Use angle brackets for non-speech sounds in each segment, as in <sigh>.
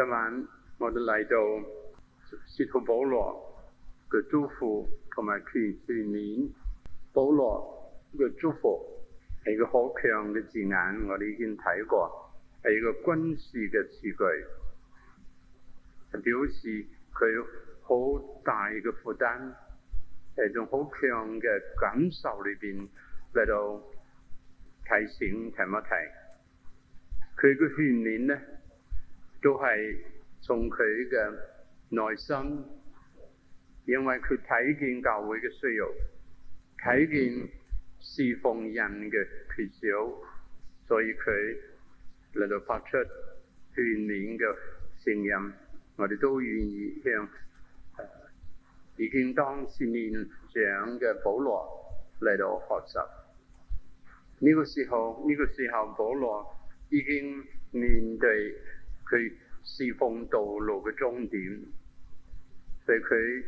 今晚我哋嚟到使徒保羅嘅祝福，同埋佢勸勉。保羅嘅祝福係個好強嘅字眼，我哋已經睇過，係個軍事嘅詞句，表示佢好大嘅負擔，係種好強嘅感受裏邊嚟到提醒，提一提。佢嘅勸勉咧。都係從佢嘅內心，因為佢睇見教會嘅需要，睇見侍奉人嘅缺少，所以佢嚟到發出勸勉嘅聲音。我哋都願意向已經當時面長嘅保羅嚟到學習。呢個時候，呢個時候，保羅已經面對。佢侍奉道路嘅終點，佢佢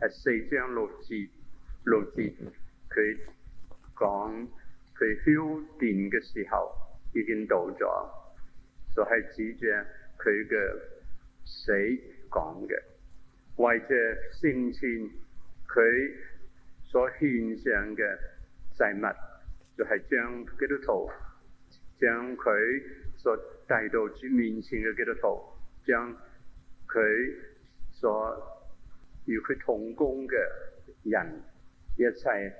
係四章六節六節，佢講佢燒電嘅時候已經到咗，就係指着佢嘅死講嘅，為着先傳佢所獻上嘅祭物，就係、是、將基督徒將佢。所帶到主面前嘅基督徒，將佢所與佢同工嘅人一齊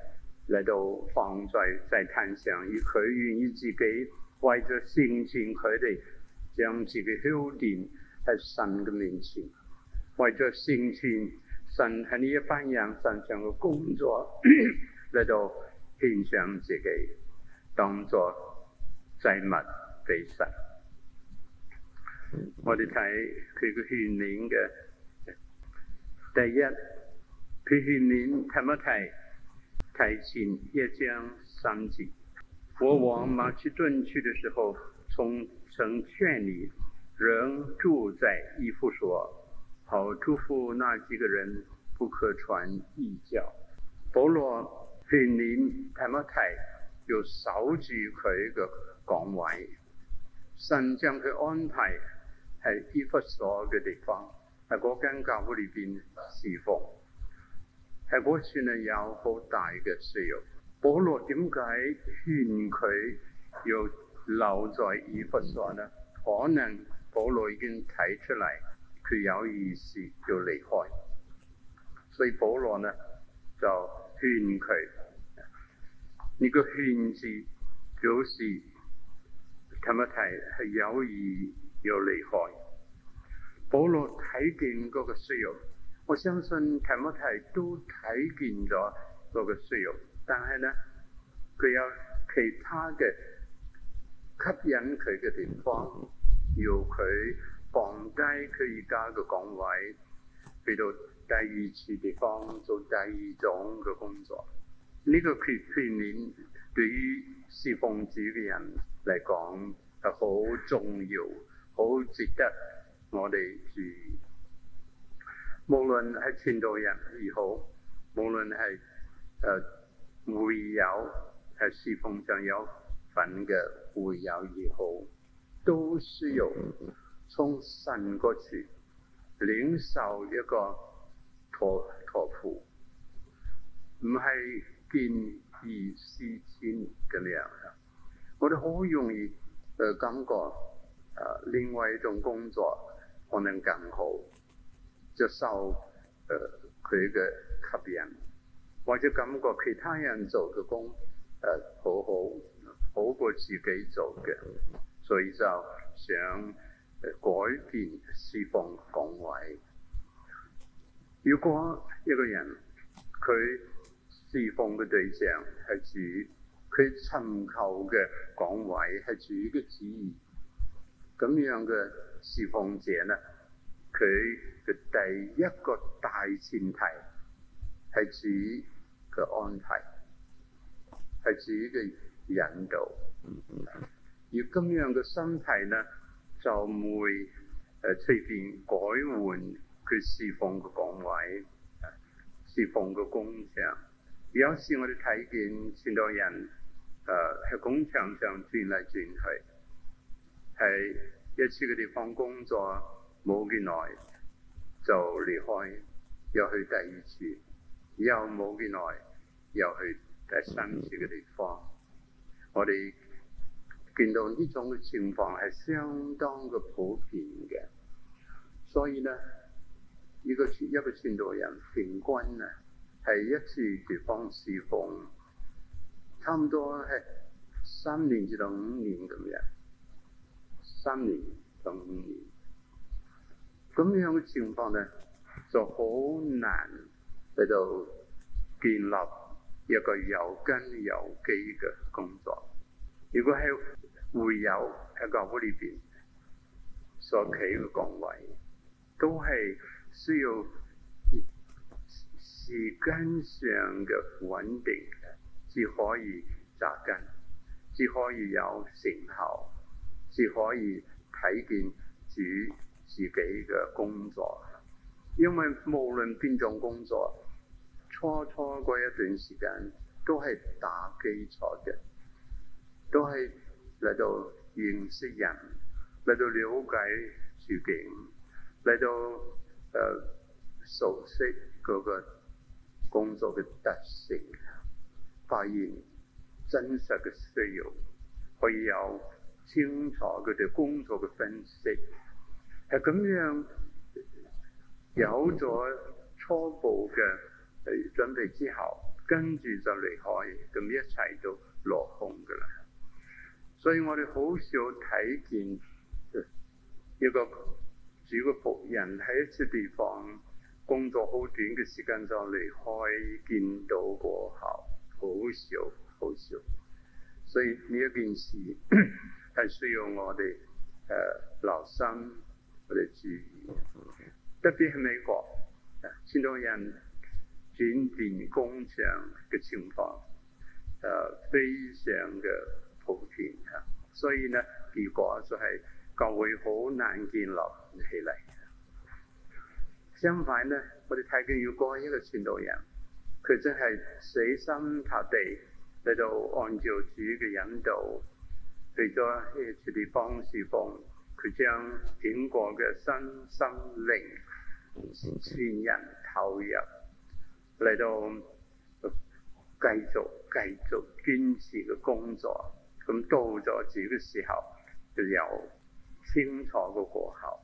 嚟到放在祭壇上，而佢願意自己為咗成全佢哋，將自己澆奠喺神嘅面前，為咗成全神喺呢一班人身上嘅工作嚟 <coughs> 到獻上自己，當作祭物。事實，我哋睇佢嘅勸勉嘅第一，佢勸勉提摩太，提醒一章三節。我 <noise> 往馬其頓去嘅時候，曾勸勸你仍住在以弗所，好囑咐那幾個人不可傳異教。保羅勸勉提摩太，要守住佢嘅崗位。神將佢安排喺伊弗所嘅地方，喺嗰間教會裏邊侍奉，係嗰算係有好大嘅需要。保羅點解勸佢要留在伊弗所呢？可能保羅已經睇出嚟，佢有意思要離開，所以保羅呢就勸佢。呢、這個勸字表示。提莫提係有意要離開。保羅睇見嗰個需要，我相信提莫提都睇見咗嗰個需要，但係咧佢有其他嘅吸引佢嘅地方，要佢放低佢而家嘅崗位，去到第二次地方做第二種嘅工作。呢、這個缺缺點對於侍奉主嘅人。嚟講係好重要、好值得我哋注意。無論係傳道人也好，無論係誒會友係事奉上有份嘅會友也好，都需要從神嗰處領受一個託付，禡，唔係見異思遷噉樣。我哋好容易去、呃、感覺，啊、呃，另外一種工作可能更好，接受佢嘅吸引，或者感覺其他人做嘅工誒、呃、好好，好過自己做嘅，所以就想、呃、改變侍奉崗位。如果一個人佢侍奉嘅對象係主。佢尋求嘅崗位係主嘅旨意，咁樣嘅侍奉者咧，佢嘅第一個大前提係主嘅安排，係主嘅引導。而咁樣嘅心態咧，就唔會誒隨便改換佢侍奉嘅崗位、侍奉嘅工場。有時我哋睇見善待人。誒喺工場上轉嚟轉去，喺一次嘅地方工作冇幾耐就離開，又去第二次，又冇幾耐又去第三次嘅地方。我哋見到呢種嘅情況係相當嘅普遍嘅，所以呢，呢個一個傳道人平均啊，係一次地方事奉。差唔多係三年至到五年咁樣，三年到五年，咁樣嘅情況咧就好難喺度建立一個有根有基嘅工作。如果喺會有喺個屋裏邊所企嘅崗位，都係需要時間上嘅穩定。只可以扎根，只可以有成效，只可以睇見主自己嘅工作。因為無論邊種工作，初初嗰一段時間都係打基礎嘅，都係嚟到認識人，嚟到了解處境，嚟到誒、呃、熟悉個個工作嘅特性。發現真實嘅需要，可以有清楚佢哋工作嘅分析，係咁樣有咗初步嘅準備之後，跟住就離開，咁一切就落空噶啦。所以我哋好少睇見一個主嘅僕人喺一處地方工作好短嘅時間就離開，見到果效好少，好少，所以呢一件事係需要我哋誒留心我哋注意，特別係美國傳道、啊、人轉變工場嘅情況誒、呃，非常嘅普遍嘅、啊，所以呢，結果就係教會好難建立起嚟。相反呢，我哋睇見有過一個傳道人。佢真係死心塌地嚟到按照主嘅引導，去咗呢個地方事奉，幫佢將整個嘅身心靈全人投入嚟到繼續繼續堅持嘅工作。咁到咗主嘅時候，就有清楚嘅過後，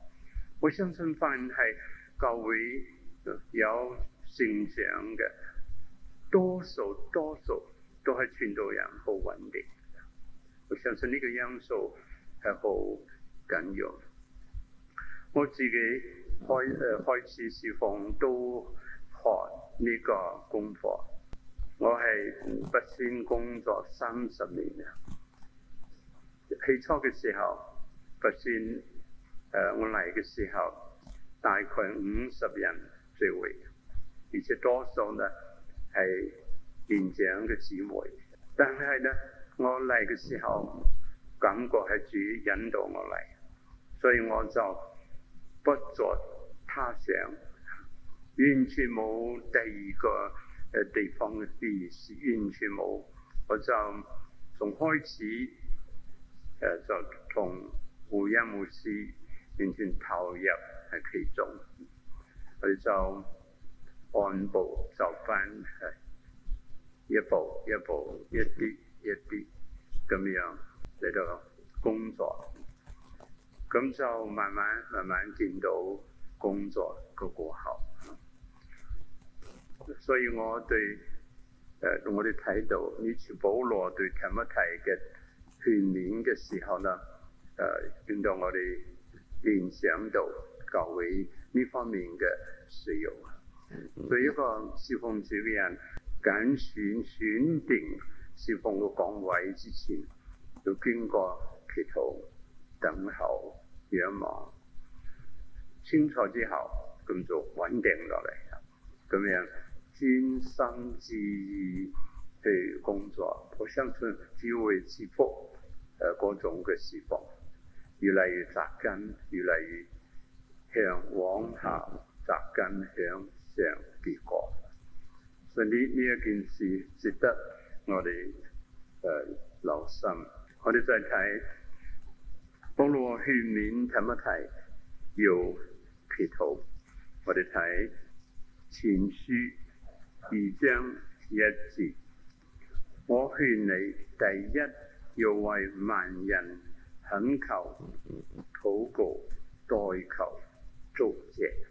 我相信翻係教會有成長嘅。多數多數都係傳道人好穩定，我相信呢個因素係好緊要。我自己開誒開始釋放都學呢個功課。我係北宣工作三十年啦。起初嘅時候，北宣誒我嚟嘅時候，大概五十人聚會，而且多數咧，係年長嘅姊妹，但係咧，我嚟嘅時候感覺係主引導我嚟，所以我就不作他想，完全冇第二個嘅地方嘅意思，完全冇，我就從開始誒、呃、就同會音牧師，完全投入喺其中，佢就。按部就班，係一步一步一啲一啲咁樣嚟到工作，咁就慢慢慢慢見到工作嘅過後。所以我對誒、呃、我哋睇到你次保羅對提摩太嘅勸勉嘅時候呢誒令、呃、到我哋聯想到教會呢方面嘅需要。對 <noise> 一個侍奉者嘅人揀選、選定侍奉嘅崗位之前，要經過祈禱、等候、仰望，清楚之後咁就穩定落嚟。咁樣專心致意去工作，我相信只會賜福誒，嗰、呃、種嘅侍奉越嚟越扎根，越嚟越向往下扎根向嘅結果，所以呢呢一件事值得我哋誒、呃、留心。我哋再睇，幫助勸勉，睇一睇，要撇圖。我哋睇前書二章一字，我勸你第一要為萬人懇求、禱告、代求、祝謝。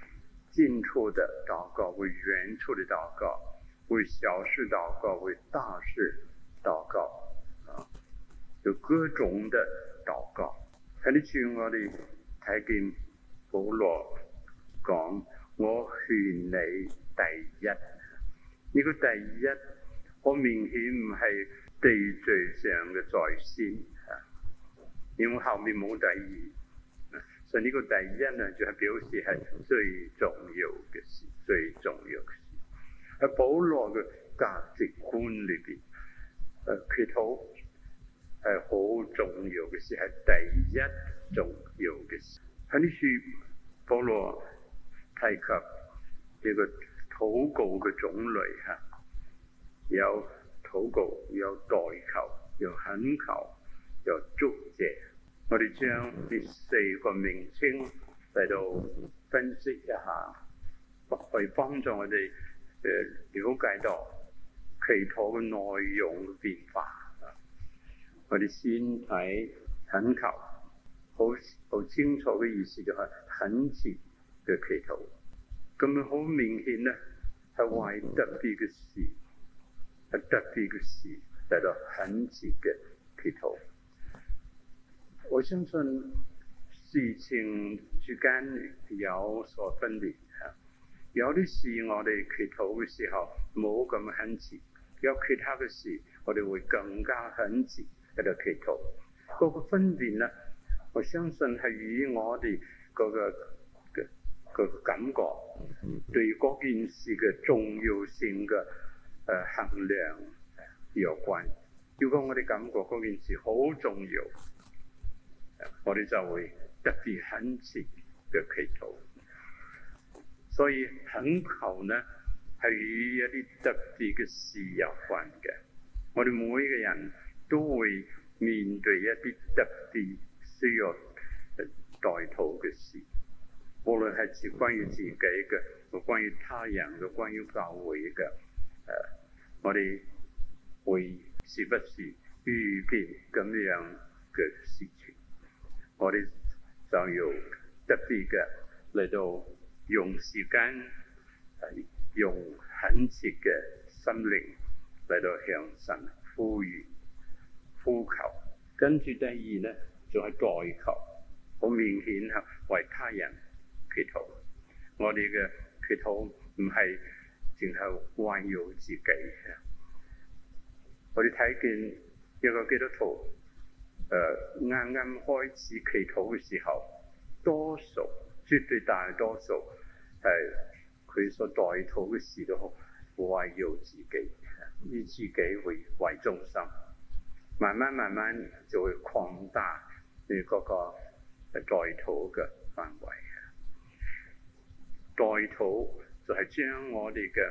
近處的禱告，為遠處的禱告，為小事禱告，為大事禱告，啊，就各種的禱告。喺呢次我哋睇見保羅講，我勸你第一，呢、這個第一好明顯唔係秩序上嘅在先啊，因為後面冇第二。就呢個第一咧，就係表示係最重要嘅事，最重要嘅事喺保羅嘅價值觀裏邊，誒祈禱係好重要嘅事，係第一重要嘅事。喺呢處，保羅提及呢個禱告嘅種類吓，有禱告，有代求，有懇求，有祝謝。 <noise> 我哋將呢四個名稱嚟到分析一下，去幫助我哋誒了解到祈禱嘅內容嘅變化啊！我哋先睇懇求，好好清楚嘅意思就係懇切嘅祈禱。咁啊，好明顯咧，係為特別嘅事，係特別嘅事嚟到懇切嘅祈禱。我相信事情之間有所分別嘅，啊，有啲事我哋祈禱嘅時候冇咁懇切，有其他嘅事我哋會更加懇切喺度祈禱。嗰、那個分別咧，我相信係與我哋嗰個個感覺對嗰件事嘅重要性嘅誒、呃、衡量有關。如果我哋感覺嗰件事好重要。我哋就會特別懇切嘅祈禱，所以懇求咧係與一啲特別嘅事有關嘅。我哋每一個人都會面對一啲特別需要誒代禱嘅事，無論係是關於自己嘅，關於他人嘅，關於教會嘅。誒、呃、我哋會時不時遇見咁樣嘅事。我哋就要特別嘅嚟到用時間，用懇切嘅心靈嚟到向神呼籲、呼求。跟住第二咧，仲係代求，好明顯係為他人祈禱。我哋嘅祈禱唔係淨係環繞自己嘅。我哋睇見一個基督徒。誒，啱啱開始祈禱嘅時候，多數，絕對大多數係佢所代禱嘅事都圍繞自己，以自己為為中心。慢慢慢慢就會擴大你嗰個代禱嘅範圍嘅。代禱就係將我哋嘅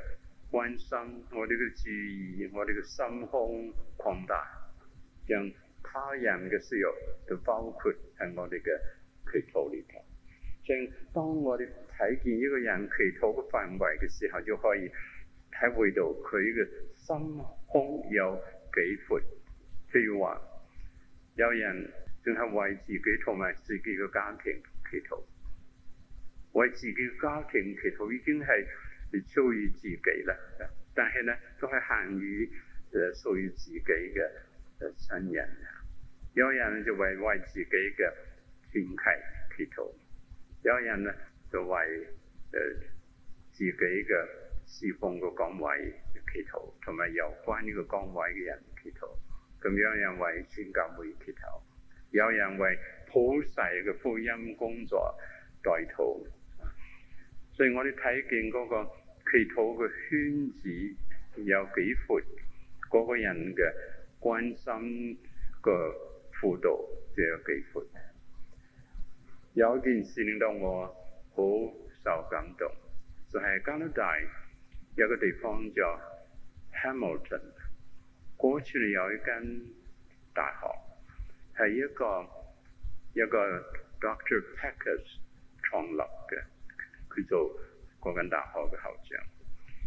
關心、我哋嘅注意、我哋嘅心胸擴大，將他人嘅需要就包括喺我哋嘅祈禱裏頭。正當我哋睇見一個人祈禱嘅範圍嘅時候，就可以體會到佢嘅心胸有幾闊？譬如話，有人淨係為自己同埋自己嘅家庭祈禱，為自己嘅家庭祈禱已經係超越自己啦。但係咧，都係限於誒屬於自己嘅親人。有人就為為自己嘅團契祈禱；有人咧就為誒自己嘅侍奉個崗位祈禱，同埋有關呢個崗位嘅人祈禱。咁有人為宣教會祈禱，有人為普世嘅福音工作代禱。所以我哋睇見嗰個祈禱嘅圈子有幾闊，嗰個人嘅關心個。輔導就有機會。有一件事令到我好受感動，就係、是、加拿大有個地方叫 Hamilton，嗰處有一間大學係一個一個 Dr. Peckers 創立嘅，佢做嗰間大學嘅校長。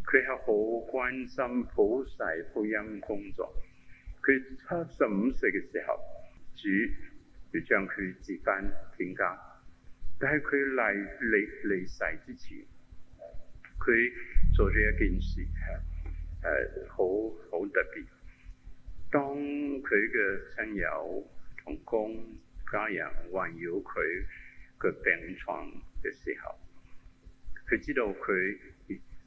佢係好關心普世福音工作。佢七十五歲嘅時候。主要將佢接返天家，但係佢離離離世之前，佢做咗一件事係誒好好特別。當佢嘅親友同工、家人環繞佢嘅病床嘅時候，佢知道佢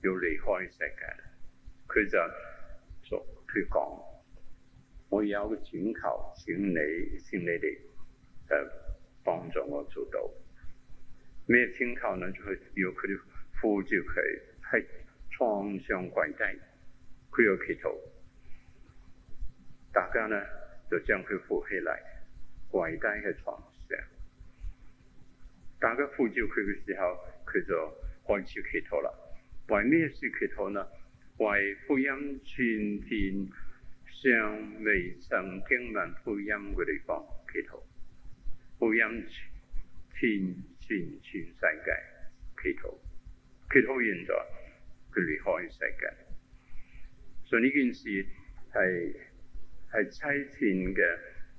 要離開世界，佢就逐佢講。我有個請求請，請你，先你哋，誒幫助我做到。咩請求呢？就係要佢哋扶住佢喺床上跪低，佢有祈禱。大家呢就將佢扶起嚟，跪低喺床上。大家扶住佢嘅時候，佢就開始祈禱啦。為咩事祈禱呢？為福音傳遍。像未曾經聞福音嘅地方祈禱，福音全傳全，全，全世界祈禱，祈禱現在，佢離開世界，所以呢件事係係差遣嘅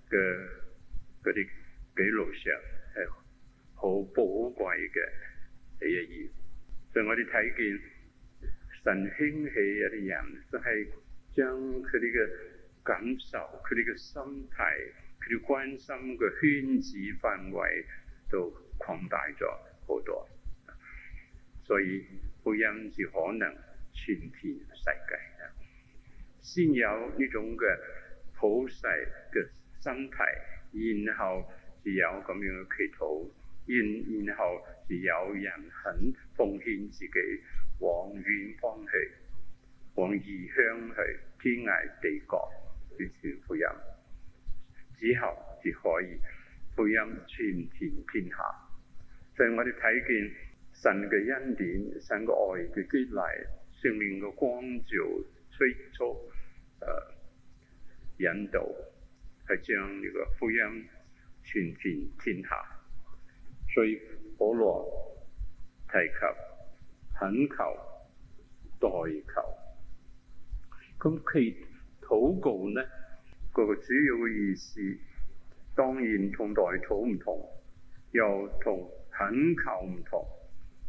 嘅啲記錄上係好寶貴嘅第一義。所以我哋睇見神興起一啲人，就係、是、將佢呢個感受佢哋嘅心態，佢哋關心嘅圈子範圍都擴大咗好多，所以配音是可能全天下世界先有呢種嘅普世嘅心態，然後至有咁樣嘅祈禱，然然後係有人肯奉獻自己往遠方去，往異鄉去，天涯地角。傳福音之後，至可以福音傳遍天下。所以我哋睇見神嘅恩典、神嘅愛嘅激勵，上面嘅光照、催、呃、促、誒引導，係將呢個福音傳遍天下。所以保羅提及懇求、代求，咁其。禱告咧，嗰個主要嘅意思，當然同代禱唔同，又同懇求唔同，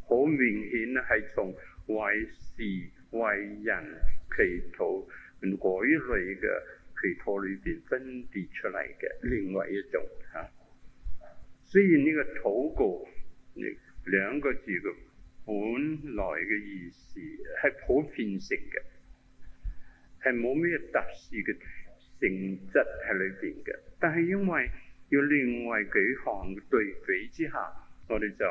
好明顯咧係從為事為人祈禱嗰一類嘅祈禱裏邊分別出嚟嘅，另外一種嚇。雖然呢個禱告兩個字嘅本來嘅意思係普遍性嘅。係冇咩特殊嘅性質喺裏邊嘅，但係因為要另外幾項對比之下，我哋就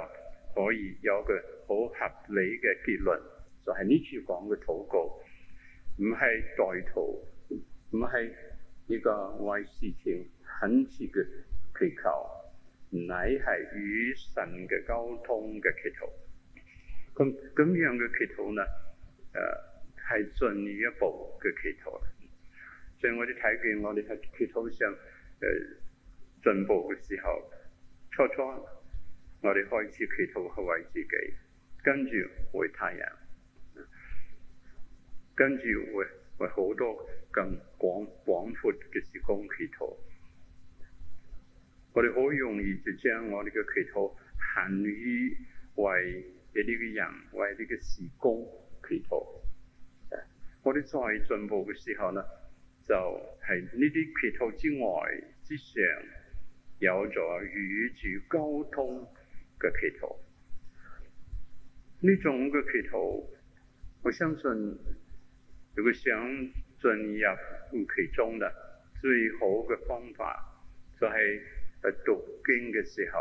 可以有個好合理嘅結論，就係、是、呢次講嘅禱告唔係代禱，唔係呢個為事情懇切嘅祈求，乃係與神嘅溝通嘅祈禱。咁咁樣嘅祈禱呢？誒、呃，係進一步嘅祈禱。在我哋睇見我哋喺祈禱上誒、進步嘅時候，初初我哋開始祈禱去為自己，跟住為他人，跟住為為好多更廣廣闊嘅時光祈禱。我哋好容易就將我哋嘅祈禱限於為呢個人、為呢個時光祈禱。我哋再進步嘅時候咧，就係呢啲祈禱之外之上有之交通的，有咗與主溝通嘅祈禱。呢種嘅祈禱，我相信如果想進入其中啦，最好嘅方法就係、是、喺讀經嘅時候，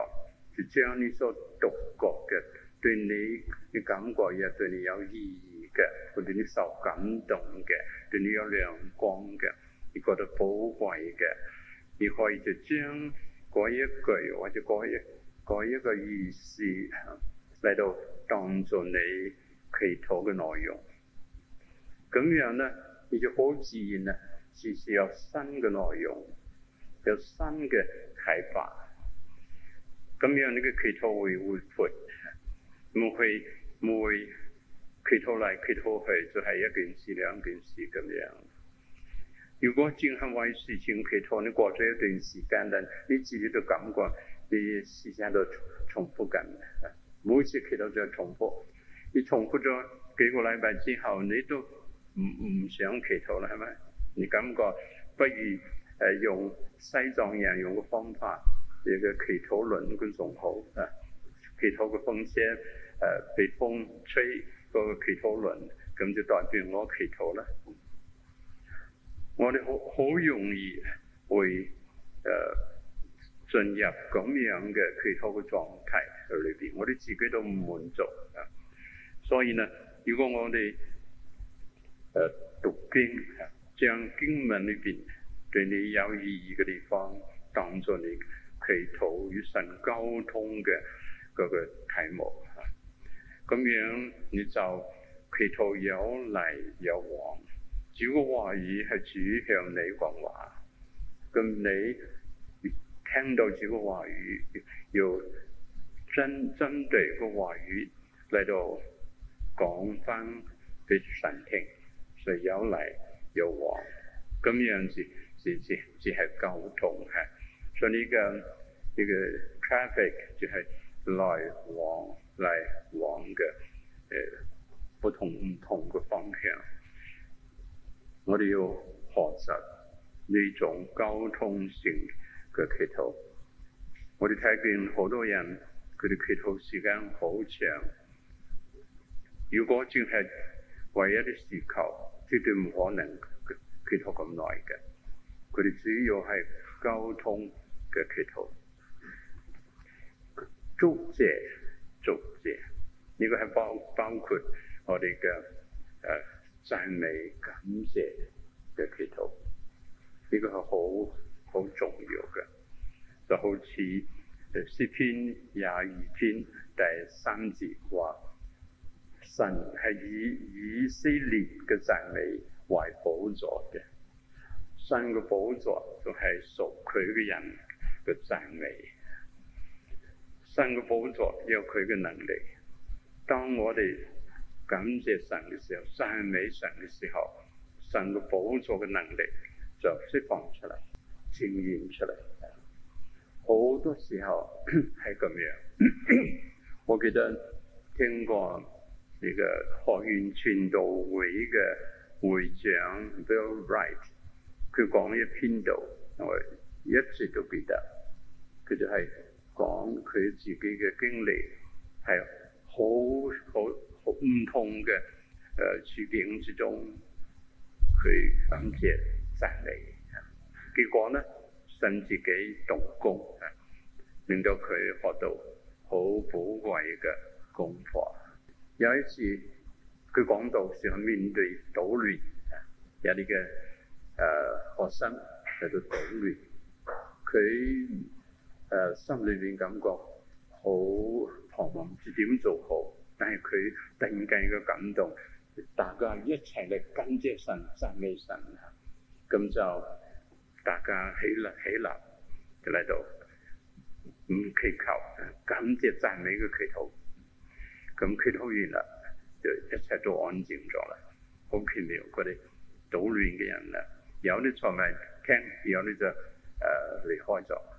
就將你所讀過嘅對你嘅感覺，亦對你有意義，嘅，佢哋啲受感動嘅，令你有亮光嘅，你覺得寶貴嘅，你可以就將嗰一句或者嗰一一個意思嚟到當做你祈禱嘅內容。咁樣咧，你就好自然啊，時時有新嘅內容，有新嘅睇法。咁樣你嘅祈禱會活潑，唔會唔會。祈禱嚟，祈禱去，就係一件事、兩件事咁樣。如果淨係為事情祈禱，你過咗一段時間，但你自己都感覺你思想都重複緊，每次祈禱就要重複。你重複咗幾個禮拜之後，你都唔唔想祈禱啦？係咪？你感覺不如誒、呃、用西藏人用嘅方法，叫做祈禱輪，佢仲好啊。祈禱嘅風車誒、呃、被風吹，個祈禱輪，咁就代表我祈禱啦。我哋好好容易會誒進、呃、入咁樣嘅祈禱嘅狀態喺裏邊，我哋自己都唔滿足啊。所以呢，如果我哋誒、呃、讀經啊，將經文裏邊對你有意義嘅地方當做你祈禱與神溝通嘅嗰、那個題目。咁樣你就祈禱有嚟有往。主嘅話語係主向你講話，咁你聽到主嘅話語，要針針對個話語嚟到講翻俾神聽，所以有嚟有往。咁樣就就就、就是是是係溝通，所以呢、這個呢、這個 traffic 就係來往。嚟往嘅誒，不同唔同嘅方向。我哋要學習呢種交通性嘅祈禱。我哋睇見好多人佢哋祈禱時間好長。如果淨係唯一嘅事求，絕對唔可能祈禱咁耐嘅。佢哋主要係交通嘅祈禱。祝謝。祝謝呢個係包包括我哋嘅誒讚美感謝嘅祈禱，呢、這個係好好重要嘅。就好似詩篇廿二篇第三節話：神係以以色列嘅讚美為寶座嘅，神嘅寶座就係屬佢嘅人嘅讚美。神嘅寶座有佢嘅能力，當我哋感謝神嘅時候、讚美神嘅時候，神嘅寶座嘅能力就釋放出嚟、呈現出嚟。好多時候係咁樣。 <coughs> 我記得聽過呢個學院傳道會嘅會長 Bill Wright，佢講一篇道，我一直都記得，佢就係、是。講佢自己嘅經歷係好好好唔同嘅誒、呃、處境之中，佢感謝讚美吓，結果咧信自己動工吓，令到佢學到好寶貴嘅功課。有一次佢講到，時候面對搗亂、啊、有啲嘅誒學生喺度搗亂，佢。誒、呃、心裏邊感覺好彷徨，唔知點做好。但係佢定計個感動，大家一齊嚟感謝神、讚美神啊！咁就大家起立、起立就嚟到唔祈求，感謝讚美嘅祈禱。咁、嗯嗯、祈禱完啦，就一切都安靜咗啦，好奇妙！嗰啲搗亂嘅人啦，有啲坐埋傾，有啲就誒離、呃、開咗。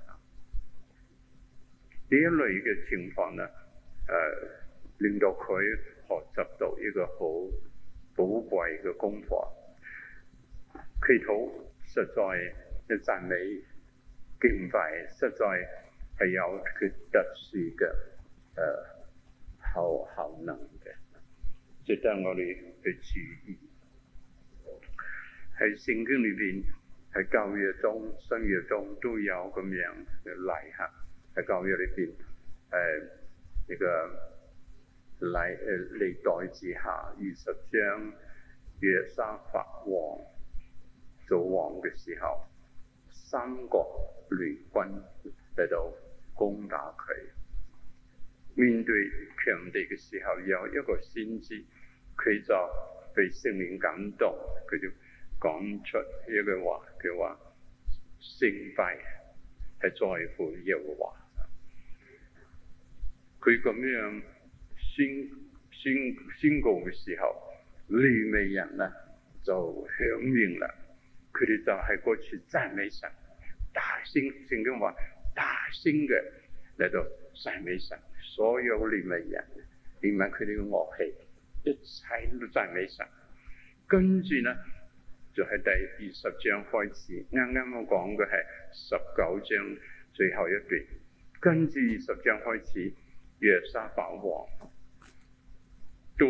呢一類嘅情況啊，誒、呃、令到佢學習到一個好寶貴嘅功課。祈禱實在嘅讚美敬拜，實在係有佢特殊嘅誒效效能嘅，值得我哋去注意。喺聖經裏邊，喺教育中、信業中都有咁樣嘅例核。喺《舊約》呢邊，誒、呃、呢、那個歷誒歷代志下，二十章約沙法王做王嘅時候，三國聯軍嚟到攻打佢。面對強敵嘅時候，有一個先知，佢就被聖靈感動，佢就講出一句話，佢話勝敗係在乎耶和華。佢咁樣宣宣，宣，宣告嘅時候，利未人咧就響應啦，佢哋就係過去讚美神，大聲聖經話大聲嘅嚟到讚美神，所有利未人連埋佢哋嘅樂器，一切都讚美神。跟住呢，就係、是、第二十章開始，啱啱我講嘅係十九章最後一段，跟住二十章開始。約沙法王都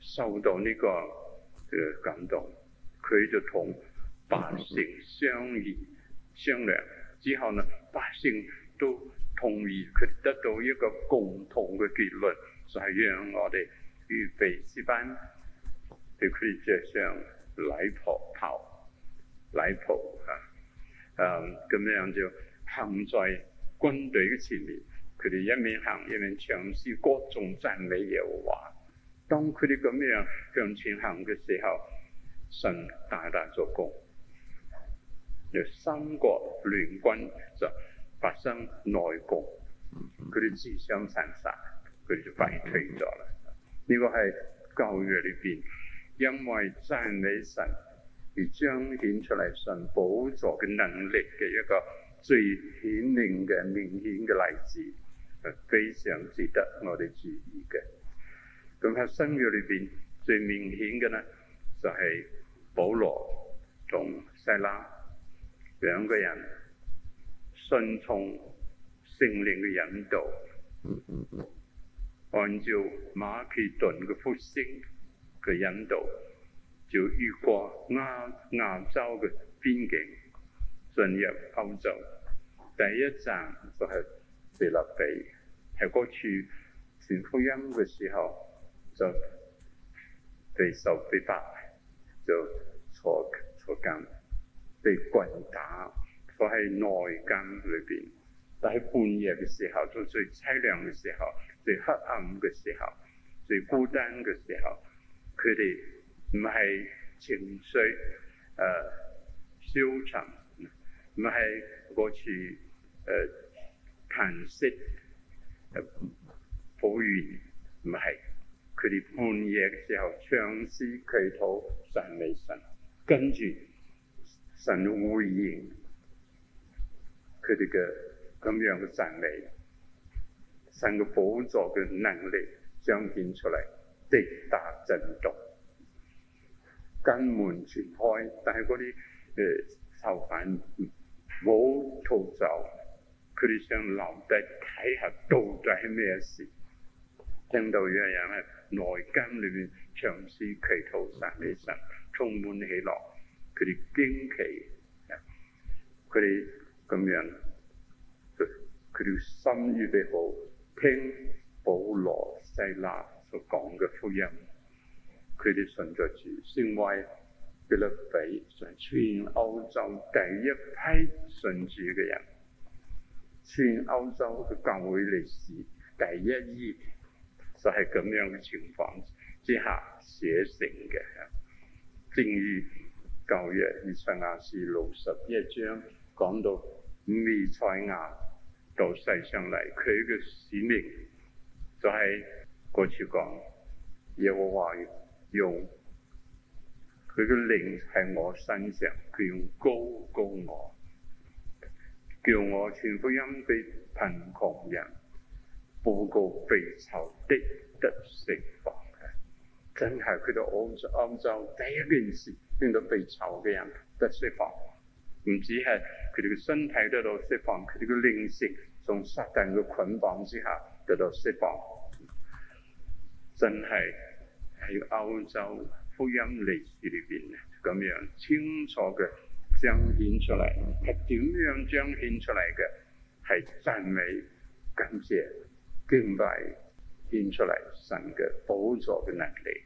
受到呢個嘅感動，佢就同百姓商議商量之後呢，百姓都同意佢得到一個共同嘅結論，就係讓我哋預備詩班，佢佢着上禮袍頭禮袍啊，誒咁樣就行在軍隊嘅前面。佢哋一面行一面唱詩各種讚美嘅話，當佢哋咁樣向前行嘅時候，神大大作工；有三國聯軍就發生內訌，佢哋自相殘殺，佢哋就敗退咗啦。呢、這個係教會裏邊，因為讚美神而彰顯出嚟神幫助嘅能力嘅一個最顯明嘅明顯嘅例子。非常值得我哋注意嘅。咁喺新約裏邊最明顯嘅呢，就係、是、保羅同西拉兩個人順從聖靈嘅引導， <laughs> 按照馬其頓嘅呼聲嘅引導，就越過亞亞洲嘅邊境進入歐洲，第一站就係腓立比。喺嗰處傳福音嘅時候，就被受逼迫，就坐坐監，被棍打。佢喺內監裏邊，就喺半夜嘅時候，做最凄涼嘅時候，最黑暗嘅時候，最孤單嘅時候，佢哋唔係情緒誒、呃、消沉，唔係嗰處誒嘆息。呃係抱怨，唔係。佢哋半夜嘅時候唱詩祈禱讚美神，跟住神回應佢哋嘅咁樣嘅讚美，神嘅寶座嘅能力彰顯出嚟，極大震動，監門全開，但係嗰啲誒囚犯冇逃走。佢哋想留低睇下，看看到底係咩事？聽到有人喺內監裏面唱詩祈禱神，俾神充滿喜樂，佢哋驚奇，佢哋咁樣，佢哋心預備好聽保羅西拉所講嘅福音，佢哋信著主，先為腓立比出穿歐洲第一批信住嘅人。全歐洲嘅教會歷史第一頁，就係咁樣嘅情況之下寫成嘅。正如舊約以賽亞書六十一章講到，彌賽亞到世上嚟，佢嘅使命就係嗰處講，耶和華用佢嘅靈喺我身上，佢用膏膏我。叫我傳福音俾貧窮人，報告被擄的得釋放。真係佢哋喺歐洲第一件事，令到被擄嘅人得釋放，唔止係佢哋嘅身體得到釋放，佢哋嘅靈識從撒但嘅捆綁之下得到釋放，真係喺歐洲福音歷史裏邊咁樣清楚嘅。彰顯出嚟，係點樣彰顯出嚟嘅？係讚美、感謝、敬拜，顯出嚟神嘅幫助嘅能力。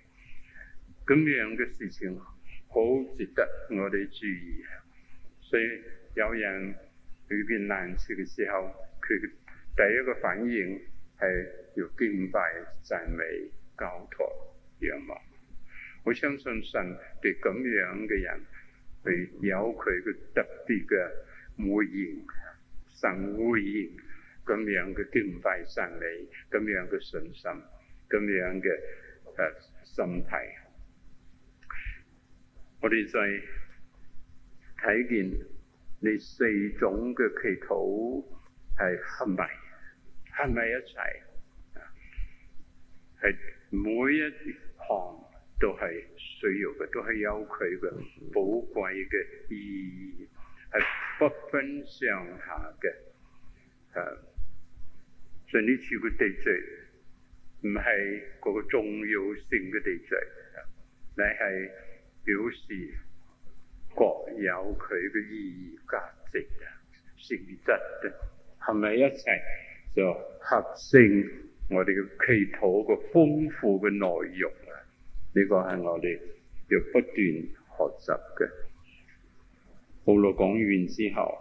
咁樣嘅事情好值得我哋注意。所以有人裏邊難處嘅時候，佢第一個反應係要敬拜、讚美、交託、仰望。我相信神對咁樣嘅人。佢有佢嘅特別嘅會言、神會言咁樣嘅尊貴神理，咁樣嘅信心，咁樣嘅誒心態。我哋在睇見你四種嘅祈禱係合埋，合埋一齊，係每一項，都係需要嘅，都係有佢嘅寶貴嘅意義，係不分上下嘅。啊，所以呢處嘅地勢唔係個重要性嘅地勢，你係表示各有佢嘅意義價值啊、性質嘅，係咪一齊就合成我哋嘅祈禱嘅豐富嘅內容？呢個係我哋要不斷學習嘅。保羅講完之後，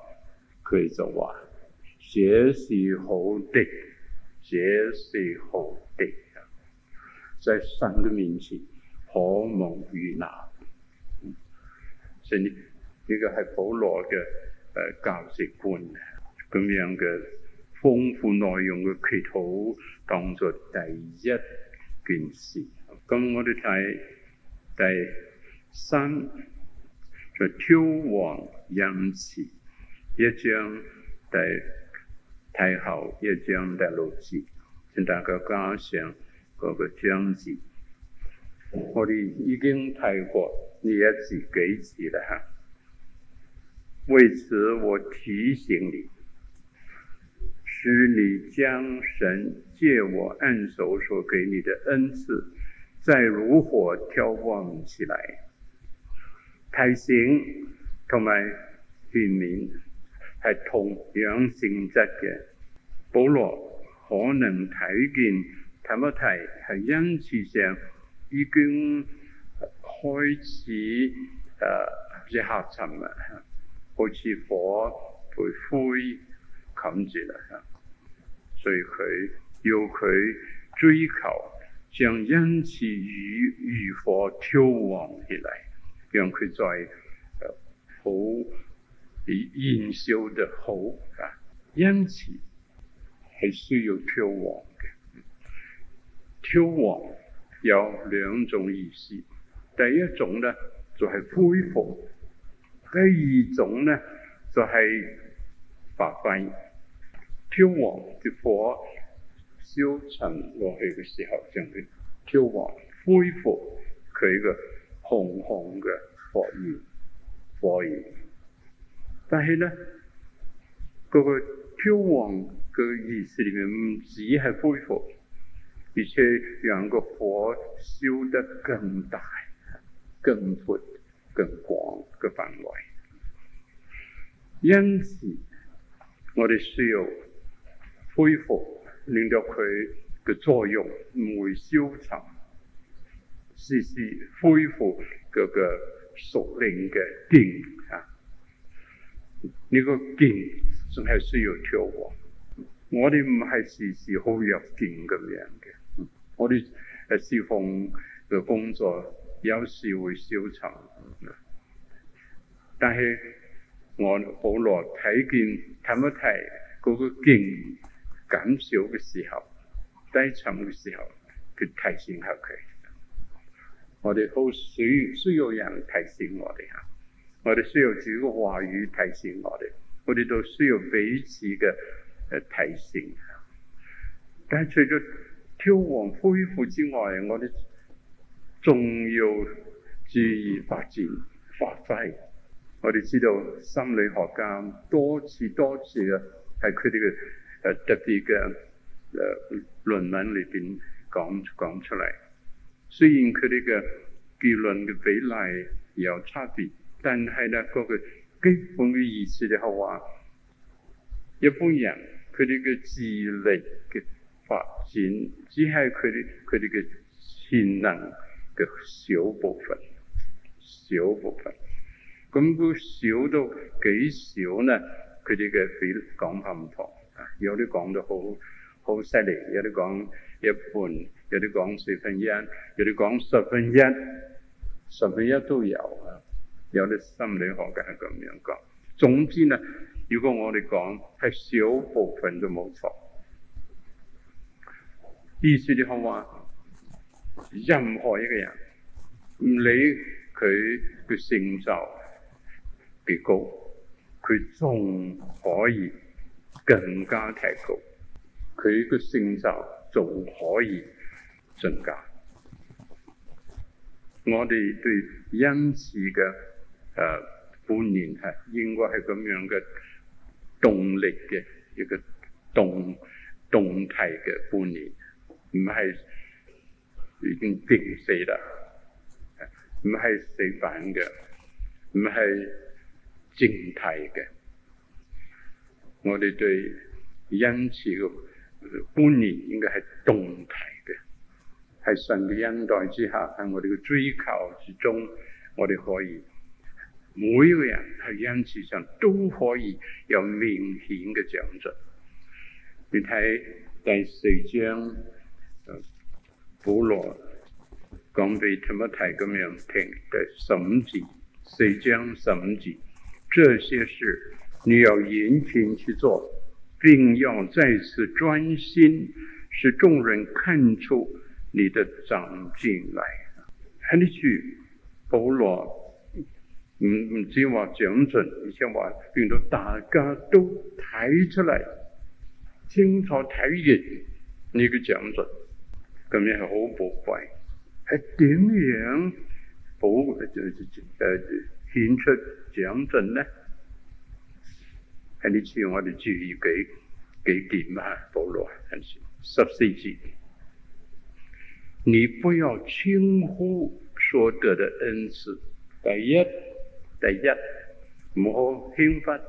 佢就話：這是好的，這是好的。啊！在神嘅面前，可望悅納。所以呢、這個係保羅嘅誒教誡觀，咁樣嘅豐富內容嘅結構，當作第一件事。咁我哋睇第三，就挑往央企一章第太后一章第六節，請大家加上嗰個章字。我哋已經睇過呢一節幾次啦。為此，我提醒你，使你將神借我按手所給你的恩賜。再如何挑旺起來，提醒同埋語彙係同樣性質嘅。保羅可能睇見提摩太係因字上已經開始誒即、啊、下沉啦，好似火被灰冚住啦，所以佢要佢追求。像因此與如火」挑旺起嚟，讓佢再、呃、好比燃燒得好啊？因此係需要挑旺嘅。挑旺有兩種意思，第一種咧就係恢復，第二種咧就係發揮挑旺嘅火。消沉落去嘅時候，將佢挑旺恢復佢個紅紅嘅火焰火焰。但係呢，嗰個挑旺嘅意思裡面唔止係恢復，而且讓個火燒得更大、更闊、更廣嘅範圍。因此，我哋需要恢復。令到佢嘅作用唔會消沉，時時恢復嗰個熟練嘅勁啊！你，這個勁仲係需要調和，我哋唔係時時好弱勁咁樣嘅。我哋誒，事奉嘅工作有時會消沉，但係我好耐睇見睇一睇嗰個勁。減少嘅時候，低沉嘅時候，佢提醒下佢。我哋好需要需要人提醒我哋嚇，我哋需要自己嘅話語提醒我哋，我哋都需要彼此嘅誒提醒。但係除咗挑旺恢復之外，我哋仲要注意發展發揮。我哋知道心理學家多次多次嘅係佢哋嘅。誒、啊、特別嘅誒論文裏邊講，講出嚟。雖然佢哋嘅結論嘅比例有差別，但係咧嗰個基本嘅意思就係話，一般人佢哋嘅智力嘅發展，只係佢哋佢哋嘅潛能嘅小部分，小部分，咁都少到幾少呢？佢哋嘅比講法唔同。有啲講到好好犀利，有啲講一半，有啲講四分一，有啲講十分一，十分一都有。有啲心理學家係咁樣講。總之啊，如果我哋講係小部分都冇錯。意思你就話，任何一個人，唔理佢嘅成就幾高，佢仲可以，更加提高，佢嘅性，就仲可以增加。我哋對恩賜嘅誒半年係應該係咁樣嘅動力嘅一個動動態嘅半年，唔係已經定死啦，唔係死板嘅，唔係靜態嘅。我哋對恩賜嘅觀念應該係動態嘅，係神嘅恩待之下，喺我哋嘅追求之中，我哋可以每個人喺恩賜上都可以有明顯嘅長進。你睇，第四章保、啊、羅講俾提摩太咁樣聽嘅十五字，四章十五字，這些是。你要嚴謹去做，並要再次專心，使眾人看出你的長進來。喺呢處，保羅唔唔只話長進，而且話令到大家都睇出嚟，清楚睇見你嘅長進，咁樣係好寶貴。係點樣保誒顯出長進呢？請你借我的記憶給，給給點嘛，保羅。十四字：「你不要輕忽所得的恩賜。第一，第一，莫輕忽，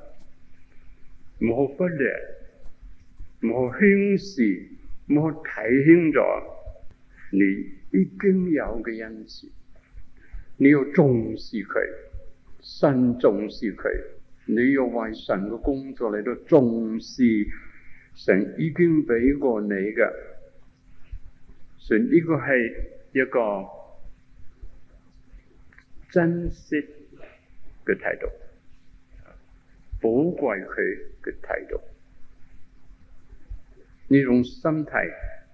莫忽略，莫輕視，莫睇輕咗你已經有嘅恩賜。你要你有重視佢，甚重視佢。你要為神嘅工作嚟到重視神已經俾過你嘅，所以呢個係一個珍惜嘅態度，寶貴佢嘅態度，呢種心態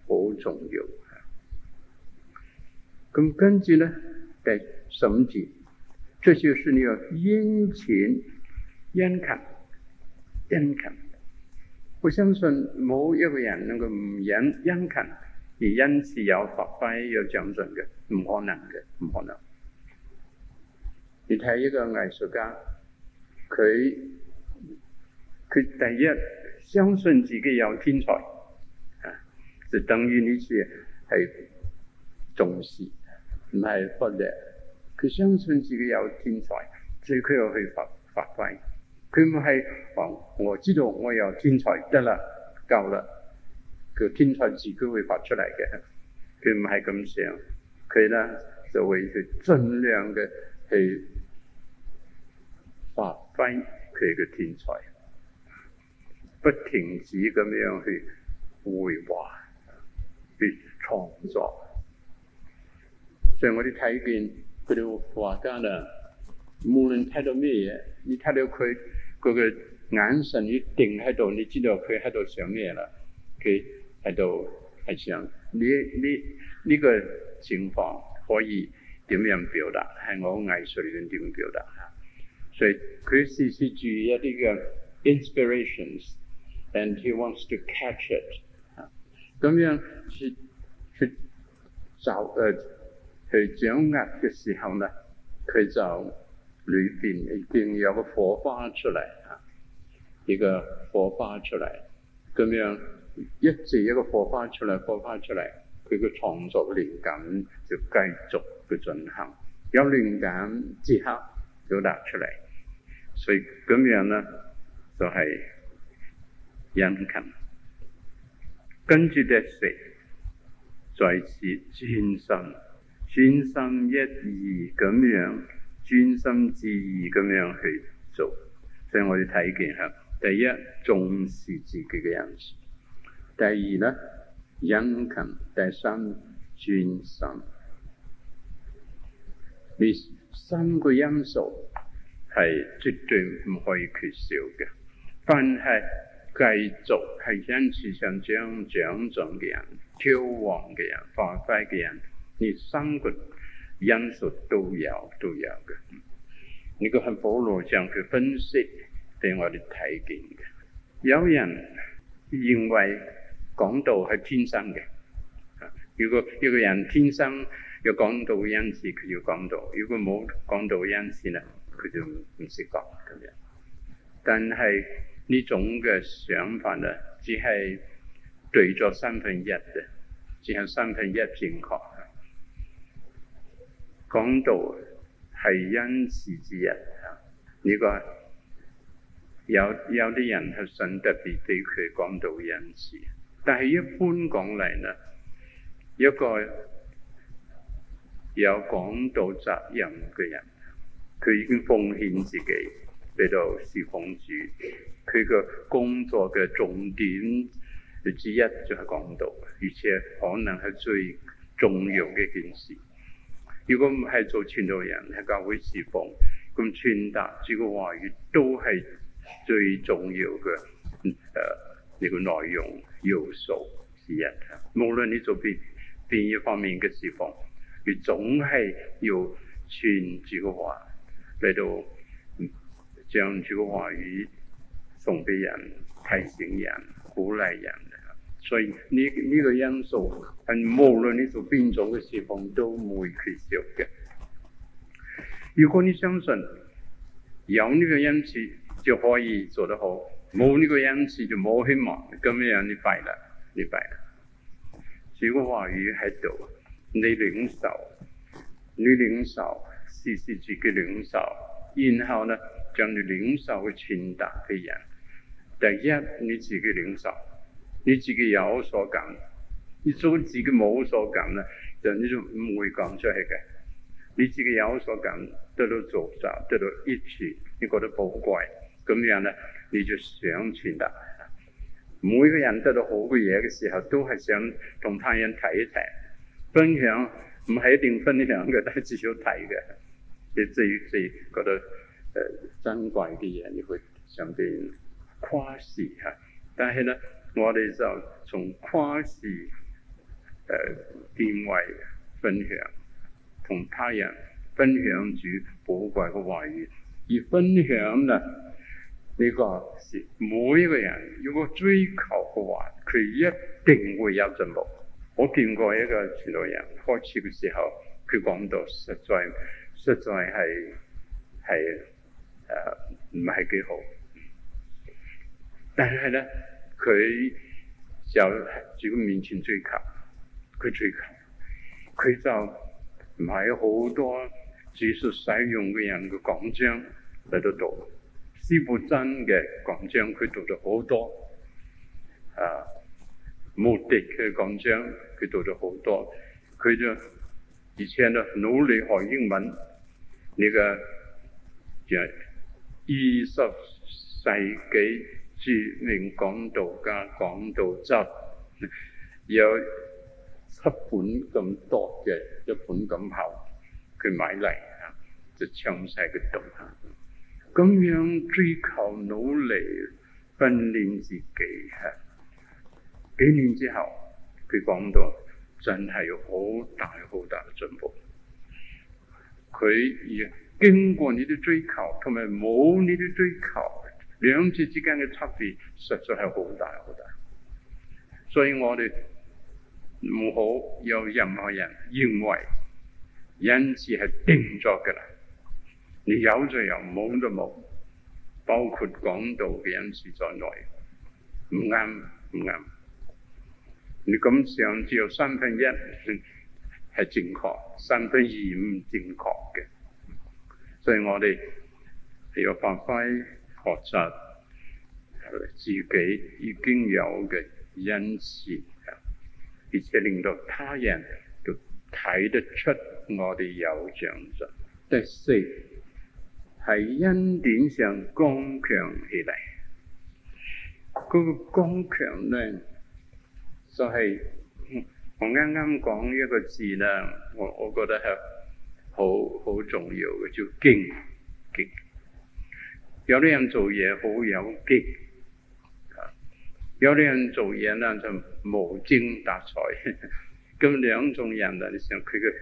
好重要。咁跟住咧嘅聖經，這就是你要殷勤。殷勤，殷勤。我相信冇一個人能夠唔忍殷勤而因此有發揮有獎進嘅，唔可能嘅，唔可能。你睇一個藝術家，佢佢第一相信自己有天才，啊，就等於呢次係重視，唔係忽略。佢相信自己有天才，所以佢要去發發揮。佢唔係，我我知道我有天才得啦，夠啦。佢天才自己會發出嚟嘅，佢唔係咁想，佢咧就會去盡量嘅去發揮佢嘅天才，不停止咁樣去繪畫，去創作。所以我哋睇見佢哋畫家啊，無論睇到咩嘢，你睇到佢。佢嘅眼神一定喺度，你知道佢喺度想咩啦？佢喺度係想呢呢呢個情況可以點樣表達，係我藝術裏邊點樣表達嚇。所以佢時時注意一啲嘅 inspirations，and he wants to catch it 嚇。咁、啊、樣去去，找、呃、去掌握去掌握嘅時候呢，佢就裏邊一定有個火花出嚟啊！呢個火花出嚟，咁樣一直一個火花出嚟，火花出嚟，佢嘅創作靈感就繼續去進行，有靈感即刻表達出嚟，所以咁樣咧就係殷勤，跟住第四再次專心，專心一意咁樣。專心致意咁樣去做，所以我哋睇見吓，第一重視自己嘅人，第二咧殷勤，第三專心。呢三個因素係絕對唔可以缺少嘅。但係繼續係人事上將長進嘅人，挑黃嘅人，發揮嘅人，呢三個。.因素都有都有嘅，呢、這個喺保羅上佢分析俾我哋睇見嘅。有人認為講道係天生嘅，如果一個人天生有講道嘅因子，佢要講道；如果冇講道嘅因子，啊，佢就唔唔識講咁樣。但係呢種嘅想法啊，只係對咗三分一嘅，只係三分一正確。講道係恩賜之一，呢個有有啲人係信特別地佢講道嘅恩賜，但係一般講嚟呢，一個有講道責任嘅人，佢已經奉獻自己嚟到侍奉主，佢嘅工作嘅重點之一就係講道，而且可能係最重要嘅一件事。如果唔係做傳道人，係教會事奉咁傳達主嘅話語都係最重要嘅。誒、呃、呢、這個內容要素之一，無論你做邊邊一方面嘅事奉，你總係要傳主嘅話嚟，到將主嘅話語送俾人，提醒人、鼓勵人。所以呢呢、呢個因素係無論你做邊種嘅事項都唔會缺少嘅。如果你相信有呢個因子就可以做得好，冇呢個因子就冇希望。咁樣你敗啦，你敗啦。主個話語喺度，你領受，你領受，試試自己領受，然後呢，將你領受嘅傳達俾人。第一，你自己領受。你自己有所感，你做自己冇所感咧，就你就唔會講出去嘅。你自己有所感，得到造就，得到益處，你覺得寶貴，咁樣咧，你就上傳啦。每個人得到好嘅嘢嘅時候，都係想同他人睇一睇，分享唔係一定分享嘅，但係至少睇嘅，你即係覺得誒、呃、珍貴啲嘢，你會上邊誇示吓，但係咧。我哋就從跨時誒，變為分享，同他人分享主寶貴嘅話語。而分享啦，呢個是每一個人如果追求嘅話，佢一定會有進步。我見過一個傳道人開始嘅時候，佢講到實在實在係係誒唔係幾好，但係咧。佢就自己面前追求，佢追求，佢就唔喺好多只術使，使用嘅人嘅講章嚟到讀，司布真嘅講章佢讀咗好多，啊慕迪嘅講章佢讀咗好多，佢就而且咧努力學英文，你嘅在二十世紀。著名講道家講道執有七本咁多嘅，一本咁厚，佢買嚟啊，就詳細佢讀下，咁樣追求努力訓練自己嚇，幾年之後佢講道真係有好大好大嘅進步。佢亦經過呢啲追求，同埋冇呢啲追求。兩次之間嘅差別實在係好大好大，所以我哋唔好有任何人認為恩賜係定咗嘅啦。你有就有，冇都冇，包括講道嘅恩賜在內，唔啱，唔啱。你咁上至有三分一係正確，三分二唔正確嘅，所以我哋係要發揮。學習自己已經有嘅恩賜，而且令到他人都睇得出我哋有長進。第四，喺恩典上剛強起嚟，嗰、那個剛強咧就係、是、我啱啱講一個字啦，我我覺得係好好重要嘅，叫、就是、經極。經有啲人做嘢好有勁，吓，有啲人做嘢咧就無精打采。咁兩種人咧，你想佢嘅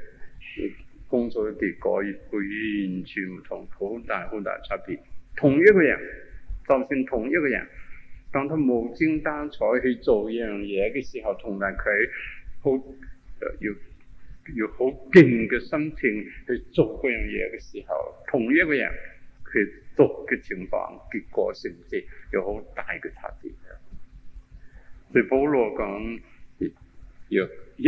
工作嘅結果會完全唔同，好大好大差別。同一個人，就算同一個人，當佢無精打采去做一樣嘢嘅時候，同埋佢好要要好勁嘅心情去做嗰樣嘢嘅時候，同一個人佢。讀嘅情況，結果成績有好大嘅差別。對保羅講，要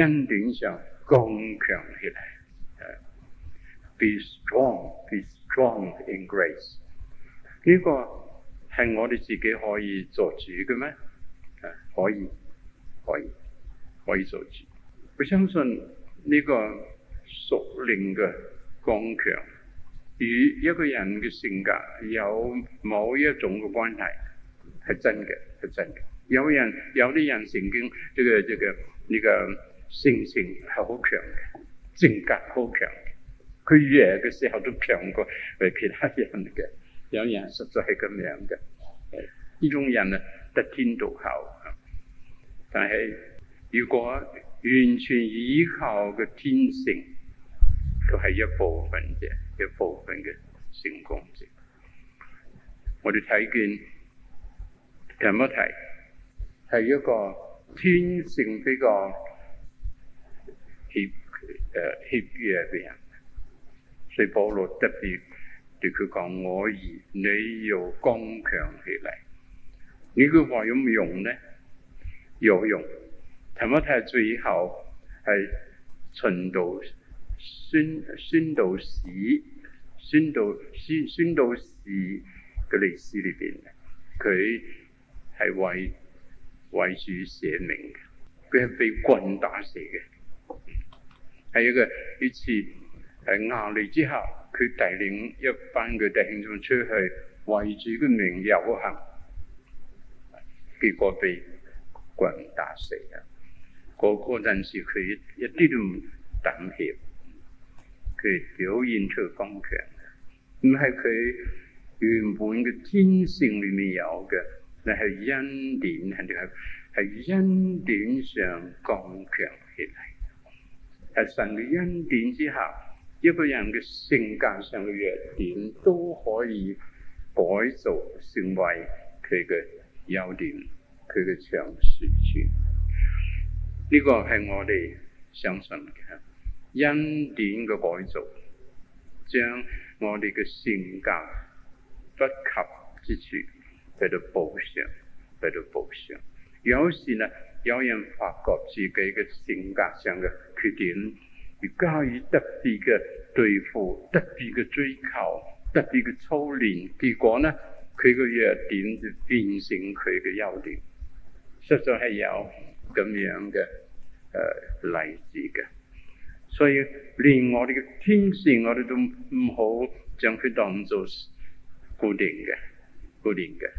恩典上剛強起來，be strong, be strong in grace。呢、這個係我哋自己可以做主嘅咩？可以，可以，可以做主。我相信呢個屬靈嘅剛強。與一個人嘅性格有某一種嘅關係，係真嘅，係真嘅。有人有啲人曾經呢、呢個呢、呢個、呢個、性情係好強嘅，性格好強嘅，佢弱嘅時候都強過誒其他人嘅。有人實在係咁樣嘅，呢種人啊得天獨厚。但係如果完全依靠嘅天性，佢、就、係、是、一部分嘅。一部分嘅成功者，我哋睇見，提摩太係一個天性比較怯誒怯弱嘅人，所以保羅特別對佢講：我兒，你要剛強起嚟。呢句話有冇用呢？有用。提摩太最後係循道宣宣道宣道宣宣道士嘅歷史裏邊，佢係為為主捨命，佢係被棍打死嘅。係一個一次係壓力之下，佢帶領一班嘅弟兄出去為主嘅名遊行，結果被棍打死啦。嗰嗰陣時，佢一啲都唔膽怯，佢表現出剛強。唔係佢原本嘅天性裏面有嘅，你係恩典係定係係恩典上加強起嚟。係神嘅恩典之下，一個人嘅性格上嘅弱點都可以改造成為佢嘅優點，佢嘅長處。呢個係我哋相信嘅恩典嘅改造，將。我哋嘅性格不及之處，喺度補償，喺度補償。有時呢，有人發覺自己嘅性格上嘅缺點，而加以特別嘅對付、特別嘅追求、特別嘅操練，結果呢，佢嘅弱點就變成佢嘅優點。實在係有咁樣嘅誒例子嘅。呃所以連我哋嘅天性，我哋都唔好將佢當做固定嘅、固定嘅。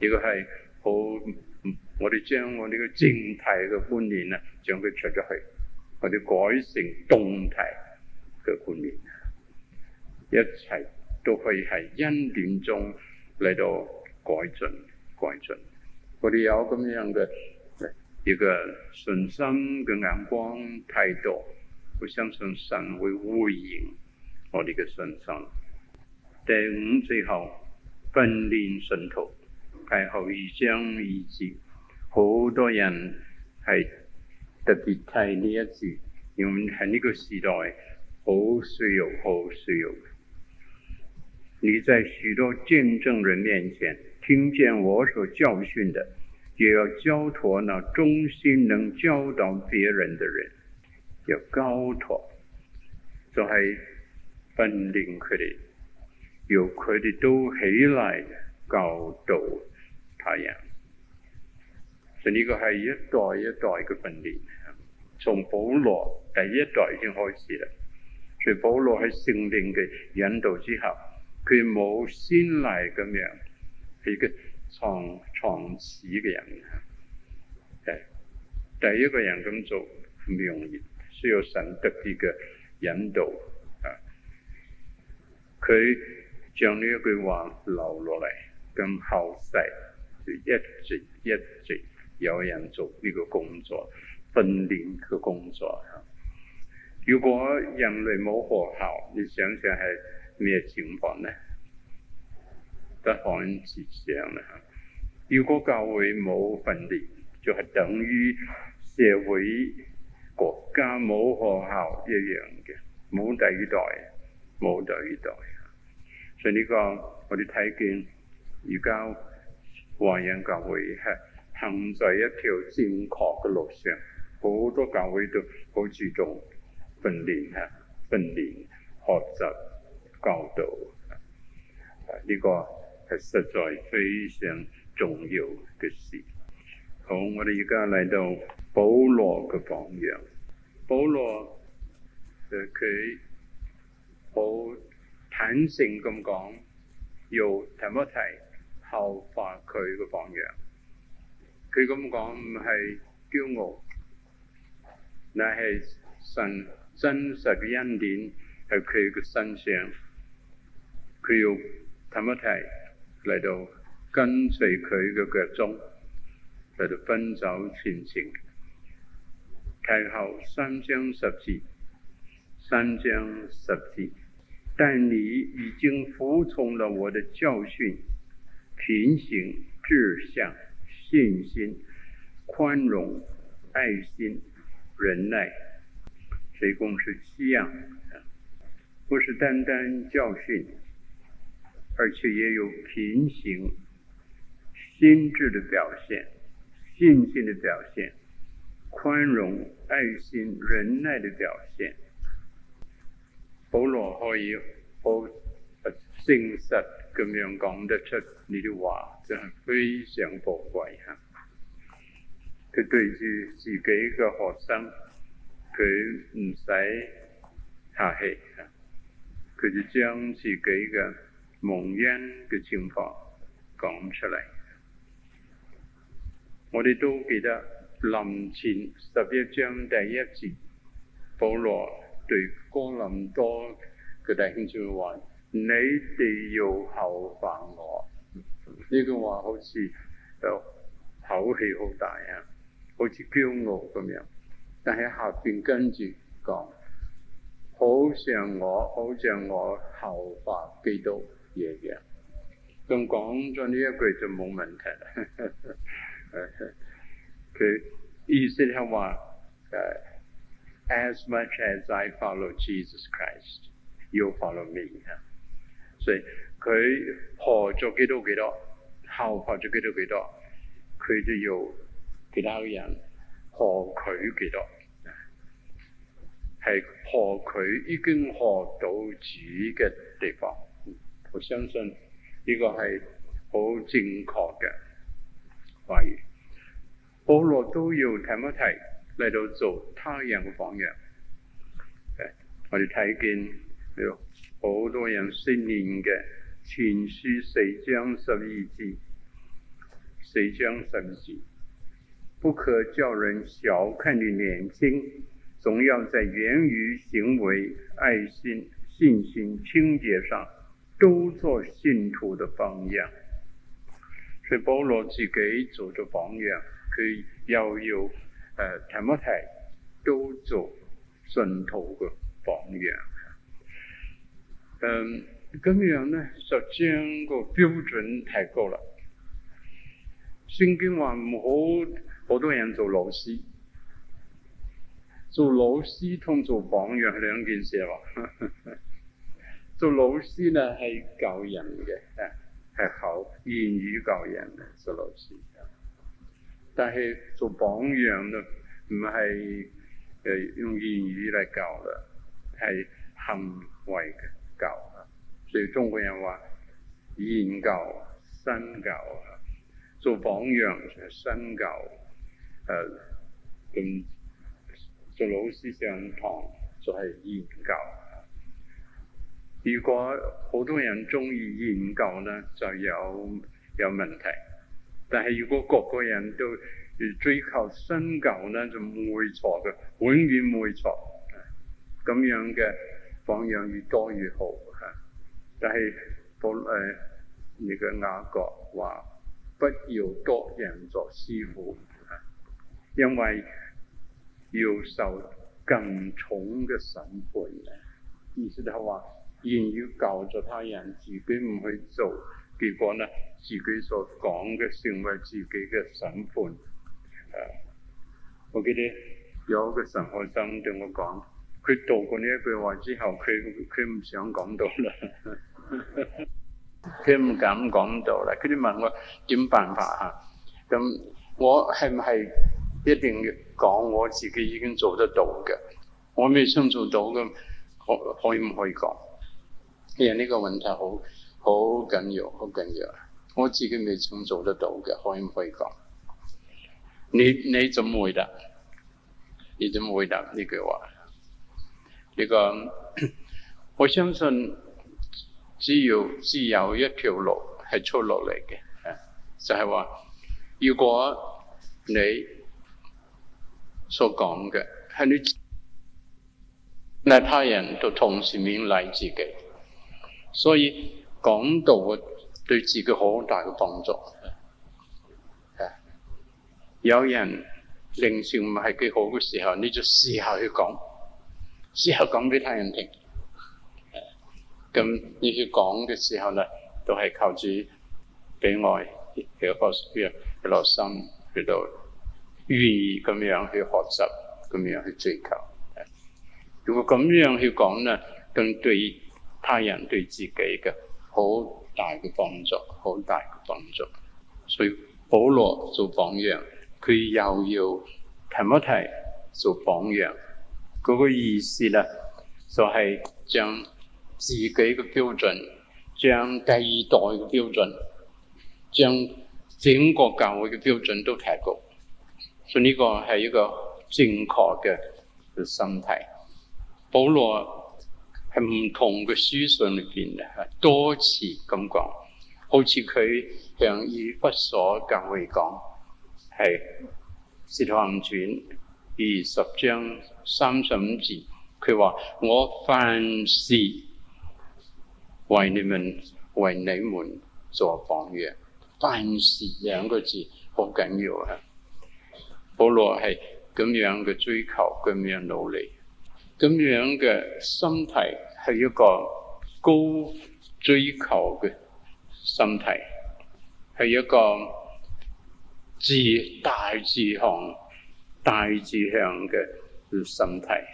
呢個係好，我哋將我哋嘅正態嘅觀念啊，將佢出咗去，我哋改成動態嘅觀念，一切都可以係恩典中嚟到改進、改進。我哋有咁樣嘅一個信心嘅眼光態度，我相信神會回應我哋嘅信心。第五，最後訓練信徒，提後二章二節，好多人係特別睇呢一節，因為喺呢個時代好需要、好需要。你在許多見證人面前，聽見我所教訓嘅。也要交託，那忠心能教導別人的人要交託，就係訓練佢哋，要佢哋都起來教導他人。所以呢個係一代一代嘅訓練啊，從保羅第一代已經開始啦。所以保羅喺聖靈嘅引導之下，佢冇先嚟咁樣，係個從。創始嘅人啊，係、哎、第一個人咁做唔容易，需要神特別嘅引導啊。佢將呢一句話留落嚟，咁後世就一直一直有人做呢個工作、訓練嘅工作、啊、如果人類冇學校，你想想係咩情況咧？得漢字上啊。如果教會冇訓練，就係等於社會國家冇學校一樣嘅，冇第二代，冇第二代。所以呢個我哋睇見而家華人教會係行在一條正確嘅路上，好多教會都好注重訓練啊，訓練學習教導啊，呢個係實在非常。重要嘅事。好，我哋而家嚟到保羅嘅榜樣。保羅，佢、呃、好坦誠咁講，要提一提效法佢嘅榜樣。佢咁講唔係驕傲，乃係神真實嘅恩典喺佢嘅身上。佢要提一提嚟到，跟隨佢嘅腳蹤，嚟到奔走前程，提後三章十節，三章十節。但你已經服從了我的教訓、品行、志向、信心、寬容、愛心、忍耐，呢共是七樣。不是單單教訓，而且也有品行。心智的表現，信心的表現，寬容、愛心、忍耐的表現。保羅可以好誠實咁樣講得出你的話，真係非常寶貴啊！佢對住自己嘅學生，佢唔使客氣啊，佢就將自己嘅蒙恩嘅情況講出嚟。我哋都記得林前十一章第一節，保羅對哥林多嘅弟兄講話：你哋要效法我。呢句 <laughs> 話好似就口氣好大啊，好似驕傲咁樣。但喺下邊跟住講，好像我，好像我效法基督嘢嘅。咁講咗呢一句就冇問題。 <laughs> 佢 <laughs> 意思係話，as much as I follow Jesus Christ，you follow me。所以佢學咗幾多幾多，後學咗幾多幾多，佢都要其他嘅人學佢幾多，係學佢已經學到主嘅地方。我相信呢個係好正確嘅。話語，保羅都有提一提，嚟到做他人的榜樣。我哋睇見有好多人識念嘅《提前書》四章十二節，四章十二節，不可叫人小看你年輕，總要在言語、行為、愛心、信心、清潔上都作信徒的榜樣。佢保羅自己做咗榜樣，佢又要誒提摩太都做信徒嘅榜樣。誒、嗯，咁樣咧就將個標準提高啦。聖經話唔好，好多人做老師，做老師同做榜樣係兩件事啊嘛。做老師啊係教人嘅。係靠言語教人嘅做老師，但係做榜樣咯，唔係誒用言語嚟教啦，係行為教啊。所以中國人話言教、身教，做榜樣就身教，誒、呃、咁做老師上堂就係言教。如果好多人鍾意研究咧，就有有問題。但係如果個個人都追求新舊咧，就唔會錯嘅，永遠唔會錯。咁樣嘅榜樣越多越好嚇。但係，佛誒你嘅雅各話：不要多人作師傅，因為要受更重嘅審判咧。意思就係話。然救助他人，自己唔去做，結果呢？自己所講嘅成為自己嘅審判。Uh, 我記得有個神學生對我講，佢讀過呢一句話之後，佢佢唔想講到啦，佢 <laughs> 唔 <laughs> 敢講到啦。佢哋問我點辦法啊？咁我係唔係一定要講？我自己已經做得到嘅，我未想做到咁可可以唔可以講？呢個問題好好緊要，好緊要。我自己未曾做得到嘅，可唔可以講？你你怎麼回答？你怎麼回答呢句話？呢、這個 <coughs> 我相信只，只有只有一條路係出路嚟嘅，就係、係、話，如果你所講嘅係你，那他人都同時勉勵自己。所以講道我對自己好大嘅幫助，啊！有人靈性唔係幾好嘅時候，你就試下去講，試下講俾他人聽。咁你去講嘅時候咧，都係靠住俾愛一個願、一顆心喺度，願意咁樣去學習，咁樣去追求。如果咁樣去講咧，更對。他人對自己嘅好大嘅幫助，好大嘅幫助。所以保羅做榜樣，佢又要提一提做榜樣嗰、那個意思咧，就係將自己嘅標準，將第二代嘅標準，將整個教會嘅標準都提高。所以呢個係一個正確嘅心態。保羅。係唔同嘅書信裏面多次咁講，好似佢向以弗所教會講，係《使徒行傳》二十章三十五節，佢話：我凡事為你們為你們做榜樣，凡事兩個字好緊要啊！保羅係咁樣嘅追求，咁樣努力。咁樣嘅心態係一個高追求嘅心態，係一個志大志向、大志向嘅心態。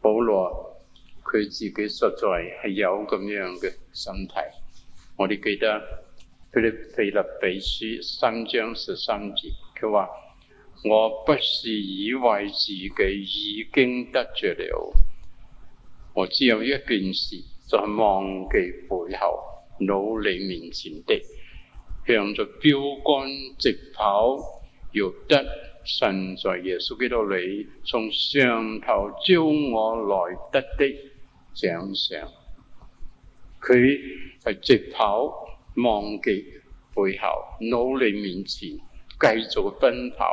保羅佢自己實在係有咁樣嘅心態。我哋記得腓立腓立比書三章十三節，佢話。他說我不是以為自己已經得着了，我只有一件事就係、是、忘記背後，努力面前的，向著標杆直跑，要得神在耶穌基督裏，從上頭招我來得的獎賞。佢係直跑，忘記背後，努力面前，繼續奔跑。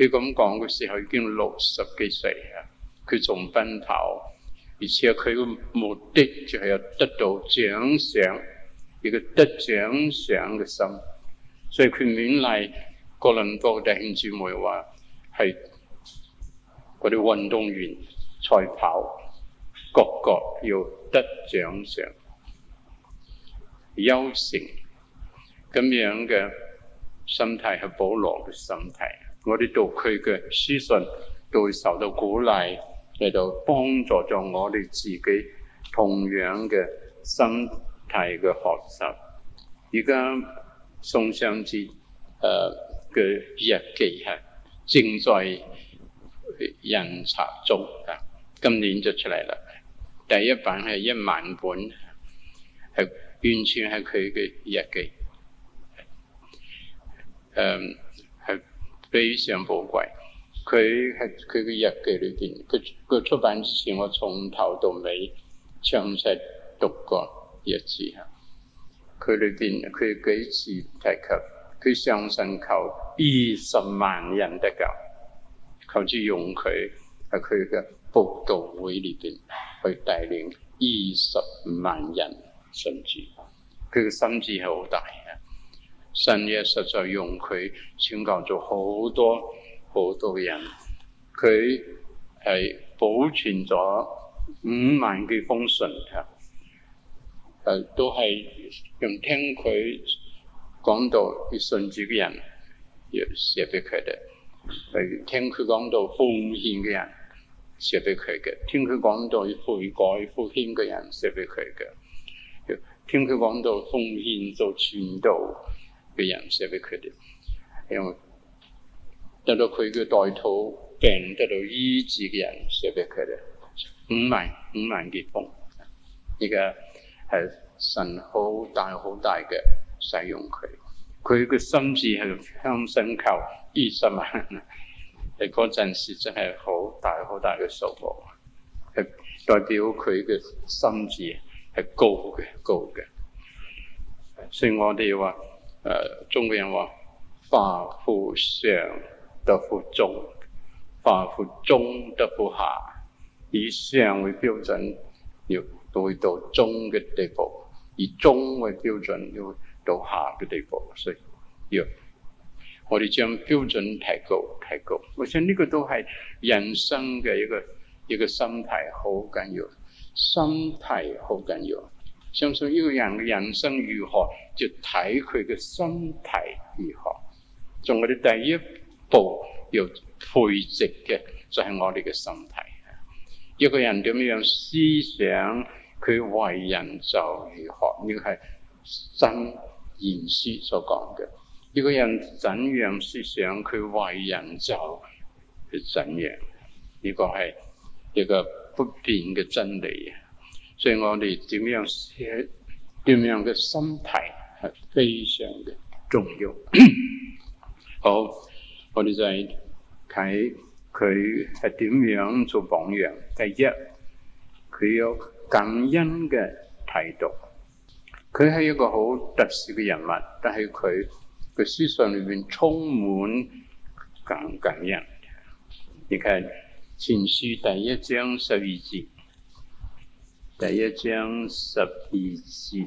佢咁講嘅時候已經六十幾歲啦，佢仲奔跑，而且佢嘅目的就係要得到獎賞，呢個得獎賞嘅心，所以佢勉勵哥林多弟兄姊妹話係嗰啲運動員賽跑，個個要得獎賞、優勝，咁樣嘅心態係保羅嘅心態。我哋讀佢嘅書信，都會受到鼓勵嚟到幫助咗我哋自己同樣嘅心態嘅學習。而家宋尚節誒嘅日記係正在印刷中啊，今年就出嚟啦。第一版係一萬本，係完全係佢嘅日記。嗯非常寶貴，佢係佢嘅日記裏邊，佢、佢出版之前我從頭到尾詳細讀過一次啊。佢裏邊佢幾次提及，佢相信靠二十萬人得救，靠住用佢喺佢嘅佈道會裏邊去帶領二十萬人信主，佢嘅心志係好大。神也實在用佢拯救咗好多好多人，佢係保存咗五萬幾封信嘅，都係用聽佢講到啲信主嘅人，要寫俾佢哋；聽佢講到奉獻嘅人寫俾佢嘅；聽佢講到悔改奉獻嘅人寫俾佢嘅；聽佢講到奉獻做傳道嘅人寫俾佢哋，因為得到佢嘅代禱，病得到醫治嘅人寫俾佢哋，五萬五萬結婚，依家係神好大好大嘅使用佢，佢嘅心智係向神求醫生，神啊！喺嗰陣時真係好大好大嘅數目，係代表佢嘅心智係高嘅高嘅，所以我哋話。誒、呃，中國人話：化負上得負中，化負中得負下。以上為標準，要到去到中嘅地步，以中為標準，要到下嘅地步。所以要我哋將標準提高，提高。我想呢個都係人生嘅一個一個心態，好緊要。心態好緊要，相信呢個人嘅人生如何。要睇佢嘅心態如何，從我哋第一步要培植嘅就係我哋嘅心態啊。一個人點樣思想，佢為人就如何。呢個係箴言書所講嘅。一個人怎樣思想，佢為人就係怎樣。呢個係一個不變嘅真理啊。所以我哋點樣寫，點樣嘅心態，係非常嘅重要。 <coughs> 好，我哋就睇佢係點樣做榜樣。第一，佢有感恩嘅態度。佢係一個好特殊嘅人物，但係佢嘅書信裏面充滿感恩。你睇前書第一章十二節，第一章十二節。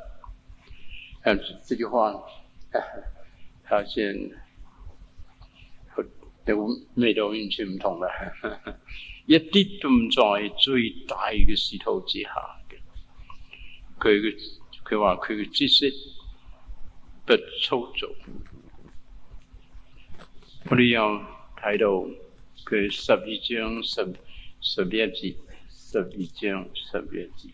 唉、啊，這句話，他、啊、先，我哋味道完全唔同啦，一啲都唔在最大嘅事途之下嘅。佢佢話佢嘅知識不操縱，我哋又睇到佢十二章十十一紙，十二章十,十一紙。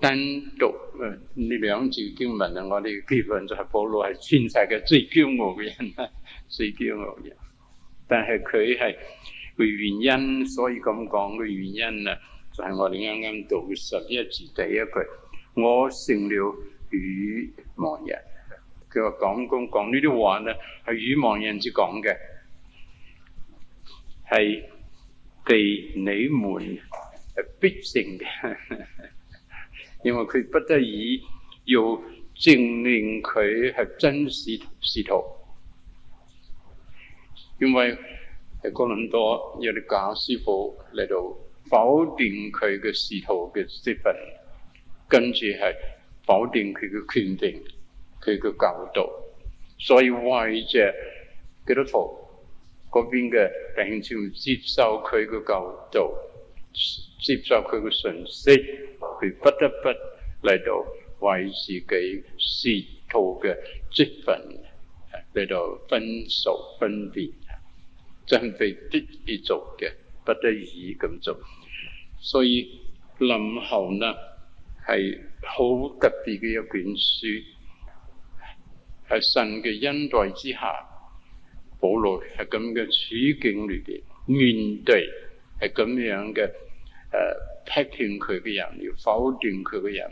單獨誒呢兩字經文啊，我哋基本上就係保羅係全世界最驕傲嘅人啦，最驕傲嘅人。但係佢係個原因，所以咁講嘅原因啊，就係、是、我哋啱啱讀十一字第一句，我成了愚妄人。佢話講講呢啲話呢係愚妄人之講嘅，係被你們逼必勝嘅。因為佢不得已要證明佢係真係使徒，因為喺哥林多有啲假師傅嚟到否定佢嘅使徒嘅身份，跟住係否定佢嘅權柄，佢嘅教導，所以為着基督徒嗰邊嘅完全接受佢嘅教導。接受佢嘅信息，佢不得不嚟到為自己使徒嘅職分嚟到分數分辨，準備啲嘢做嘅，不得已咁做。所以林後呢係好特別嘅一本書，喺神嘅恩待之下，保羅喺咁嘅處境裏邊面，面對係咁樣嘅。誒，批評佢嘅人，要否定佢嘅人，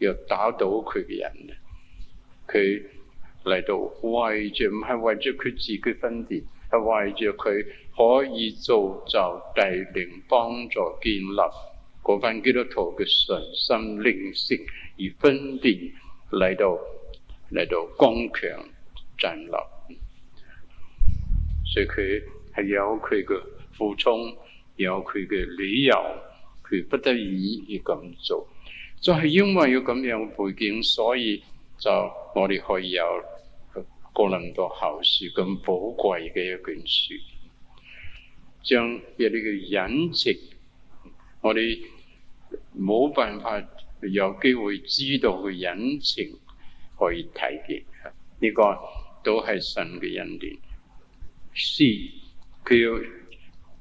要打倒佢嘅人，佢嚟到為着唔係為着佢自己分辨，係為着佢可以造就帝靈，幫助建立嗰份基督徒嘅信心靈性而分辨。嚟到嚟到剛強站立，所以佢係有佢嘅苦衷。有佢嘅理由，佢不得已要咁做，就係、是、因為有咁樣背景，所以就我哋可以有哥林多後書咁寶貴嘅一卷書，將有呢嘅隱情，我哋冇辦法有機會知道佢隱情，可以睇見呢個都係神嘅恩典。四，佢要。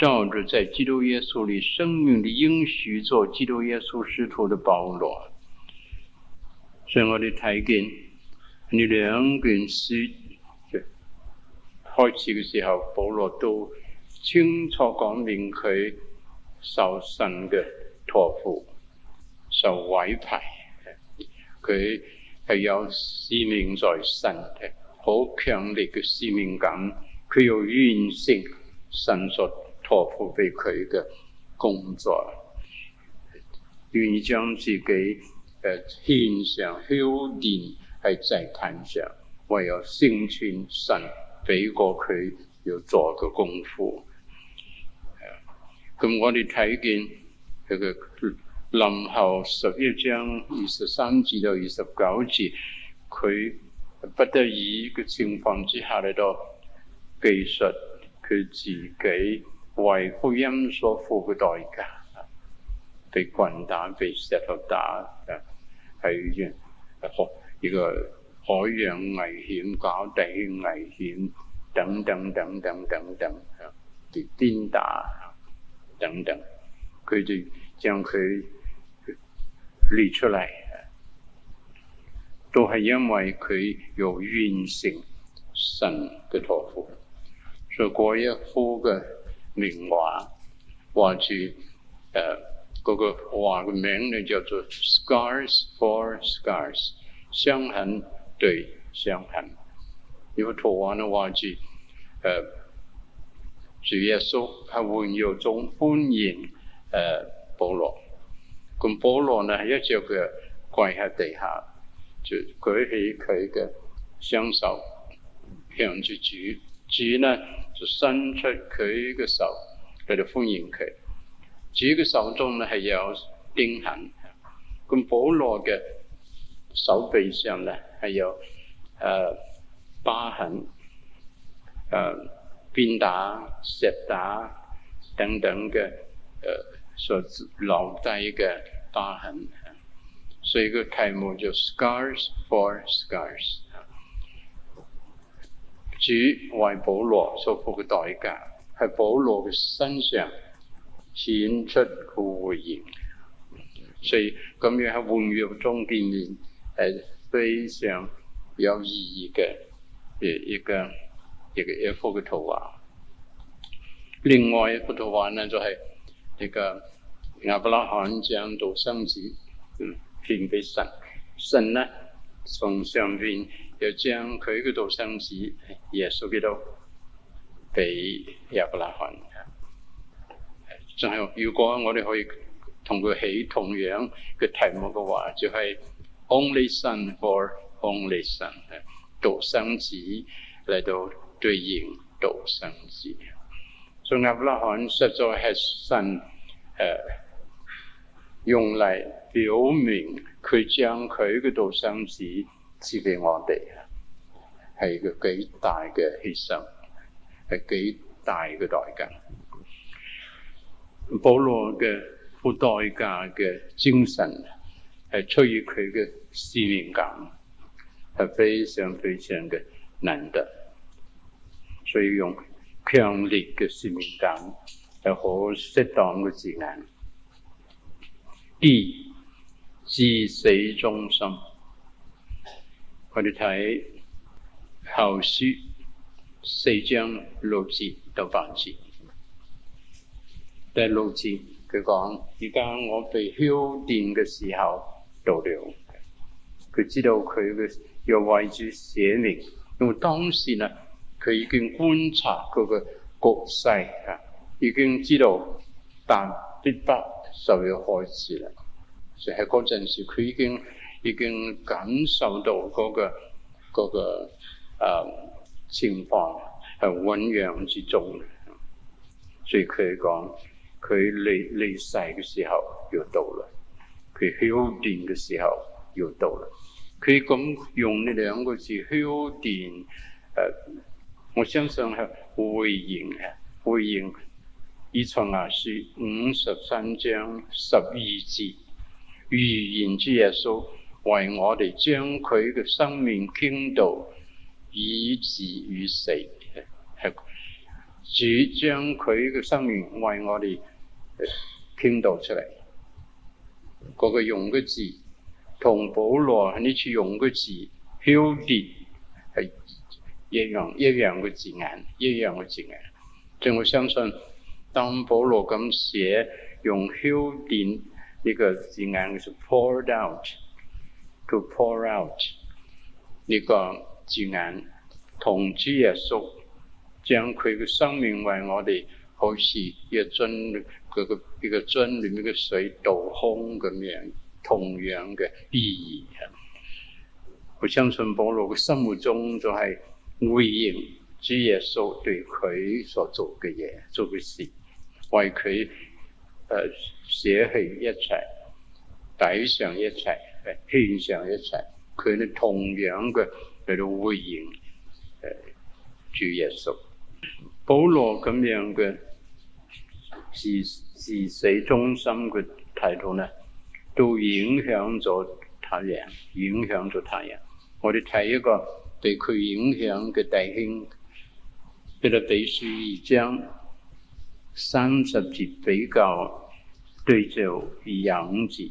照著在基督耶穌裏生命的應許，做基督耶穌使徒的保羅。所以我哋睇見呢兩卷書開始嘅時候，保羅都清楚講明佢受神嘅託付、受委派，佢係有使命在身嘅，好強烈嘅使命感。佢要完成神所。託付俾佢嘅工作，願意將自己誒、呃、獻上、獻念喺祭壇上，唯有聖尊神俾過佢要做嘅功夫。咁、嗯、我哋睇見佢嘅林後十一章二十三至到二十九節，佢不得已嘅情況之下嚟到記述佢自己。為福音所付嘅代價，被棍打、被石頭打，係、啊、呢個海洋危險、搞地危險等等等等等等，啊、被鞭打等等，佢哋將佢列出嚟，都係因為佢要完成神嘅託付，所以嗰一呼嘅。名畫，畫住誒，嗰、呃、個畫個名咧叫做《Scars for Scars》呢，傷痕對傷痕。呢個圖畫咧畫住，誒，主耶穌喺榮耀中歡迎誒保羅。咁保羅呢，一隻腳跪喺地下，就舉起佢嘅雙手，向住主。主呢？伸出佢嘅手，佢就歡迎佢。主嘅手中咧係有釘痕，咁保羅嘅手臂上咧係有誒疤、呃、痕，誒、呃、鞭打、石打等等嘅誒、呃、所留低嘅疤痕，所以個題目就叫 Scars for Scars。主為保羅所付嘅代價，喺保羅嘅身上顯出佢回應，所以咁樣喺換約中見面係非常有意義嘅一個一個一幅嘅圖畫。另外一幅圖畫呢，就係、是、呢個亞伯拉罕將獨生子獻俾神，神呢從上邊。又將佢嘅獨生子耶穌基督俾亞伯拉罕。仲係，如果我哋可以同佢起同樣嘅題目嘅話，就係、是、Only Son for Only Son。獨生子嚟到對應獨生子。所以亞伯拉罕實在係神誒用嚟表明佢將佢嘅獨生子。賜俾我哋係個幾大嘅犧牲，係幾大嘅代價。保羅嘅付代價嘅精神，係出於佢嘅使命感，係非常非常嘅難得。所以用強烈嘅使命感係好適當嘅字眼，一、e. 至死忠心。我哋睇後書四章六節到八節，第六節佢講：「而家我被轟電嘅時候到了。」佢知道佢嘅要為主寫明，因為當時呢，佢已經觀察嗰個局勢啊，已經知道但必不就要開始啦。就係嗰陣時，佢已經。已經感受到嗰、那個嗰、那個呃、情況變化係醖釀之中，所以佢講佢離離世嘅時候要到啦，佢澆奠嘅時候要到啦。佢咁、嗯、用呢兩個字澆奠誒，我相信係回應嘅回應。以賽亞書五十三章十二節預言主耶穌。為我哋將佢嘅生命傾倒，以至於死，係主將佢嘅生命為我哋傾倒出嚟。嗰個用嘅字，同保羅喺呢次用嘅字，飄跌係一樣一樣嘅字眼，一樣嘅字眼。所以我相信，當保羅咁寫，用飄跌呢個字眼，係 poured out。to pour out 呢個字眼，同主耶穌將佢嘅生命為我哋好似一個樽嗰個一個樽裏面嘅水倒空咁樣，同樣嘅意義。我相信保羅嘅心目中就係回應主耶穌對佢所做嘅嘢，做嘅事，為佢誒捨棄一切，抵上一切。誒，獻上一齊，佢哋同樣嘅嚟到會見，誒、呃、主耶穌，保羅咁樣嘅自自死中心嘅態度呢，都影響咗太陽，影響咗太陽。我哋睇一個對佢影響嘅弟兄，腓立比書二章三十節比較對照廿五節。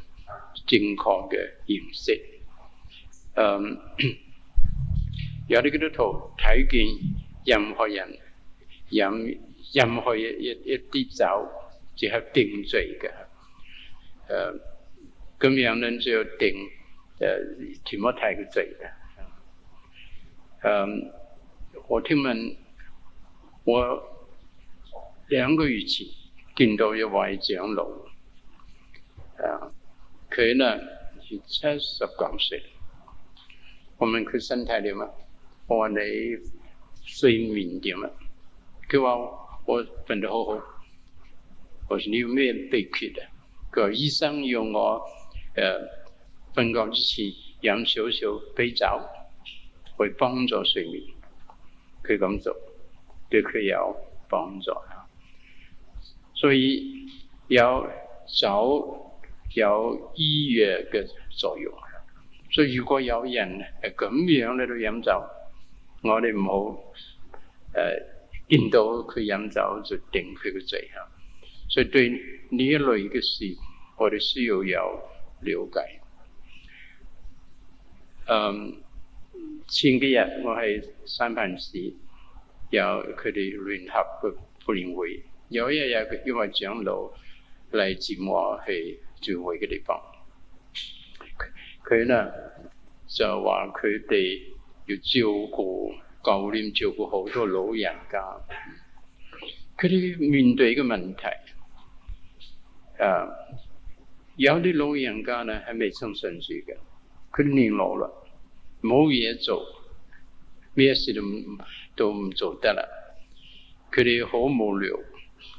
正確嘅認識，誒、um, <coughs> 有啲基督徒睇見任何人飲任，任何一一啲酒就係定罪嘅，誒。咁樣咧，就定誒冇、呃、太過罪嘅，誒、uh,。我聽聞我兩個月前見到一位長老，誒、uh,。佢呢，七十九歲。我問佢身體點啊？我話你睡眠點啊？佢話我瞓得好好。我話你有咩秘訣啊？佢話醫生要我誒瞓覺之前飲少少啤酒，去、呃、幫助睡眠。佢咁做對佢有幫助啊。所以有酒。有醫藥嘅作用，所以如果有人係咁樣喺度飲酒，我哋唔好誒見到佢飲酒就定佢嘅罪行。所以對呢一類嘅事，我哋需要有了解。誒、um,，前幾日我喺三藩市有佢哋聯合嘅聯會，有一日佢因為長老嚟接我去。來寂寞去聚會嘅地方，佢咧就話佢哋要照顧，舊年照顧好多老人家，佢哋面對嘅問題，誒、啊，有啲老人家咧係未信信主嘅，佢哋年老啦，冇嘢做，咩事都都唔做得啦，佢哋好無聊，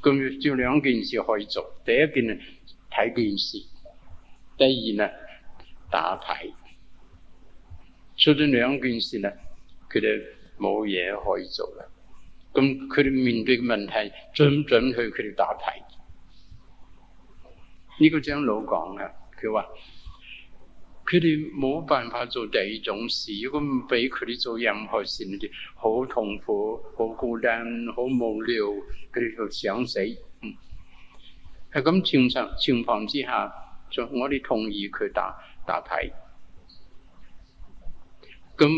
咁要做兩件事可以做，第一件咧。睇電視，第二呢，打牌，做咗兩件事呢，佢哋冇嘢可以做啦。咁佢哋面對嘅問題，準唔准許佢哋打牌？呢個張老講啦，佢話佢哋冇辦法做第二種事，如果唔俾佢哋做任何事，佢哋好痛苦、好孤單、好無聊，佢哋就想死。係咁全場情況之下，就我哋同意佢答答題。咁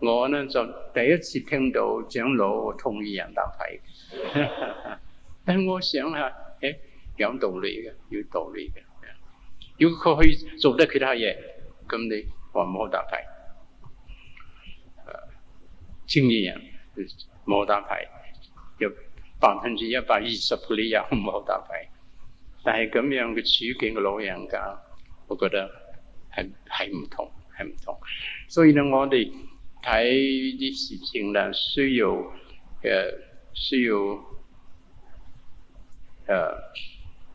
我呢，就第一次聽到長老同意人答題。 <laughs> 但我想下，誒有道理嘅，有道理嘅。如果佢可以做得其他嘢，咁你話唔好答題。青年人呢樣冇答題。百分之一百二十個理由唔好搭配，但係咁樣嘅處境嘅老人家，我覺得係係唔同，係唔同。所以咧，我哋睇啲事情咧，需要嘅、啊、需要誒、啊、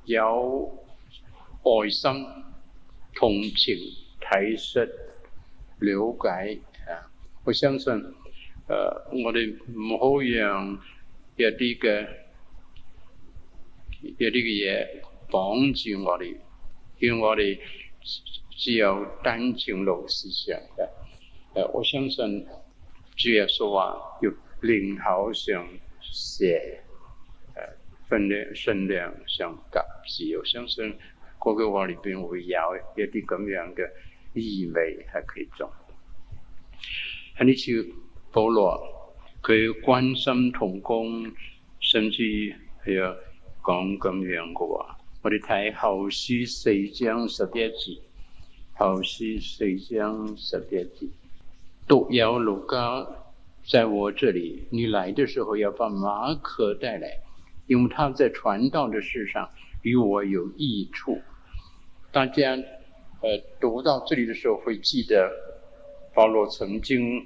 有愛心、同情、體恤、了解嚇、啊。我相信誒、啊，我哋唔好讓。有啲嘅，有啲嘅嘢綁住我哋，叫我哋只有單程路思想嘅。誒、啊，我相信主耶穌話，要靈巧像蛇，誒馴良、馴良像鴿子。我相信嗰句話裏邊會有一啲咁樣嘅意味係其中。係呢次，保羅。佢關心同工，甚至還有講咁樣嘅話。我哋睇後書四章十一節，後書四章十一節。獨有路加在我這裏，你來的時候要把馬可帶來，因為他在傳道的事上與我有益處。大家呃，讀到這裏的時候，會記得保羅曾經。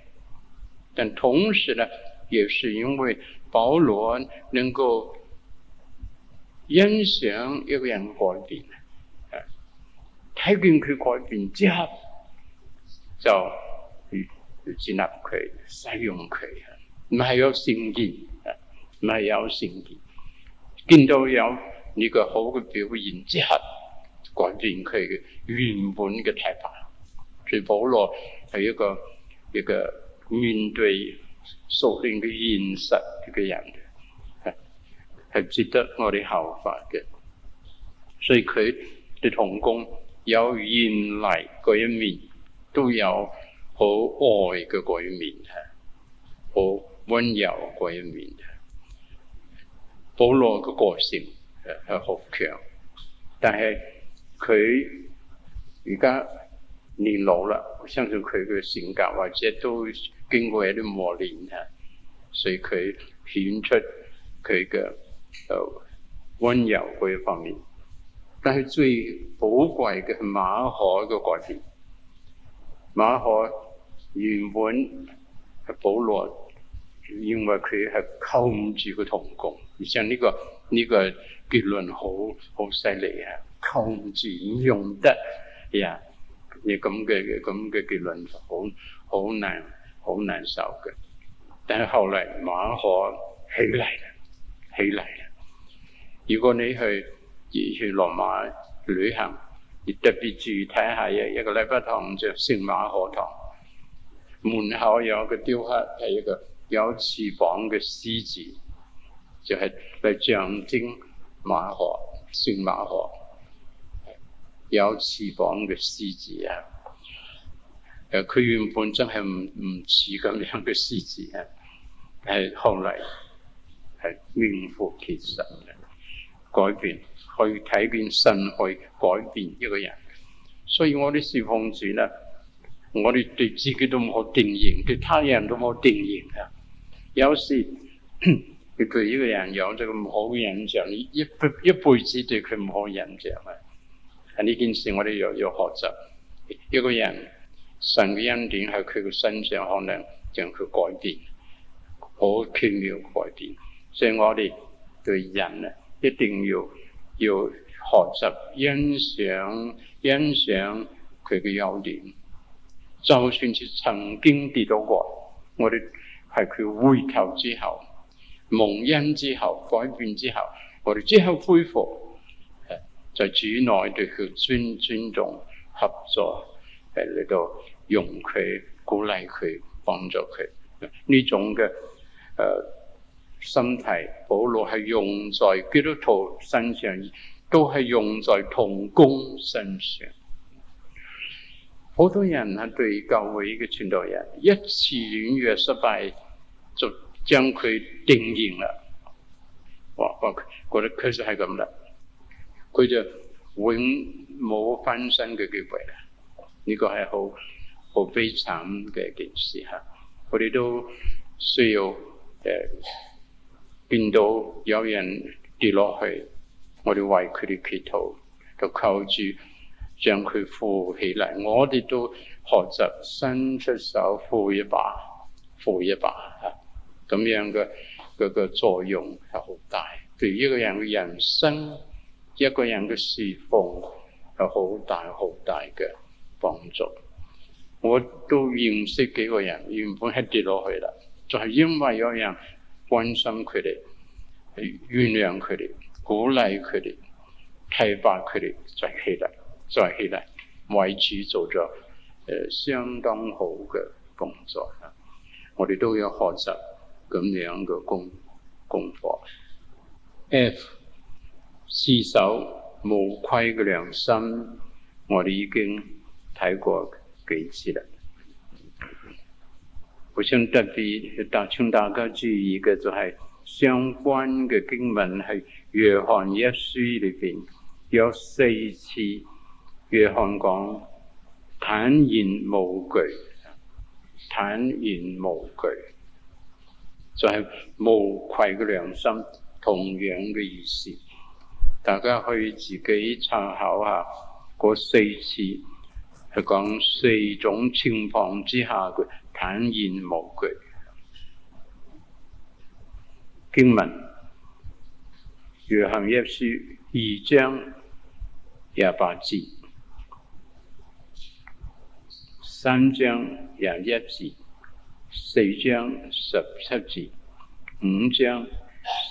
但同時呢，也是因為保羅能夠欣賞一個人改變，啊！睇見佢改變之後，就、啊、要建立佢、使用佢，唔係有成見，唔係有成見。見到有呢個好嘅表現之後，改變佢嘅原本嘅睇法。所以保羅係一個一個。一個面對熟練嘅現實嘅人咧，係值得我哋效法嘅，所以佢對童工有嚴厲嗰一面，都有好愛嘅一面嚇，好温柔嗰一面。保羅嘅個性係好強，但係佢而家年老啦，我相信佢嘅性格或者都。經過一啲磨練啊，所以佢顯出佢嘅溫柔嗰一方面。但係最寶貴嘅係馬可嘅改變。馬可原本係保羅，因為佢係靠唔住個同工，而且呢個呢個結論好好犀利啊！靠唔住，唔用得呀，你咁嘅嘅咁嘅結論，就好好難。好難受嘅，但係後嚟馬可起嚟啦，起嚟啦！如果你去去羅馬旅行，你特別注意睇下一一個禮拜堂，着、就、聖、是、馬可堂，門口有個雕刻係一個有翅膀嘅獅子，就係、是、嚟象徵馬可聖馬可有翅膀嘅獅子啊！誒佢原本真係唔唔似咁樣嘅獅子啊！係後嚟係名副其實嘅改變，去睇變身去改變一個人。所以我啲攝控主呢，我哋對自己都唔好定型，對他人都冇定型啊！有時對 <coughs> 一個人養咗咁好嘅印象，一一輩子對佢唔好印象啊！係呢件事我，我哋又要學習一個人。神嘅恩典喺佢嘅身上，可能讓佢改變，好奇妙改變。所以我哋對人一定要要學習欣賞欣賞佢嘅優點。就算佢曾經跌倒過，我哋喺佢回頭之後、蒙恩之後、改變之後，我哋之後恢復就在主內，對佢尊尊重合作喺呢用佢鼓勵佢，幫助佢呢種嘅誒心態，保羅係用在基督徒身上，都係用在同工身上。好多人係對教會嘅傳道人一次軟弱失敗就將佢定型啦。我我覺得確實係咁啦，佢就永冇翻身嘅機會啦。呢、這個係好。好悲慘嘅一件事吓，我哋都需要誒見、呃、到有人跌落去，我哋為佢哋祈禱，就靠住將佢扶起嚟。我哋都學習伸出手扶一把，扶一把吓，咁樣嘅、嗰個作用係好大，對一個人嘅人生，一個人嘅事奉有好大好大嘅幫助。我都認識幾個人，原本係跌落去啦，就係、是、因為有人關心佢哋，去原諒佢哋、鼓勵佢哋、提拔佢哋，再起來，再起來，為主做咗誒、呃、相當好嘅工作啦。我哋都要學習咁樣嘅功功課。F 廝守無愧嘅良心，我哋已經睇過。幾次啦？我想特別要達請大家注意嘅就係，相關嘅經文係《約翰一書》裏邊有四次，約翰講坦然無懼，坦然無懼，就係、是、無愧嘅良心，同樣嘅意思。大家可以自己參考下嗰四次。係講四種情況之下嘅坦然無懼。經文《約翰一書》二章廿八節，三章廿一節，四章十七節，五章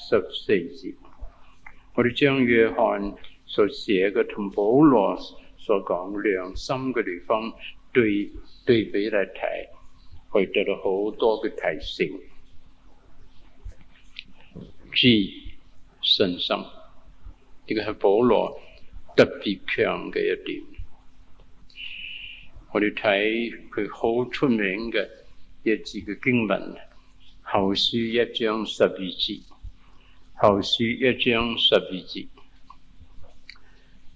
十四節。我哋將約翰所寫嘅同保羅。所講良心嘅地方對，對對比嚟睇，獲得咗好多嘅提升，知信心，呢個係保羅特別強嘅一點。我哋睇佢好出名嘅一節嘅經文，後書一章十二節，後書一章十二節。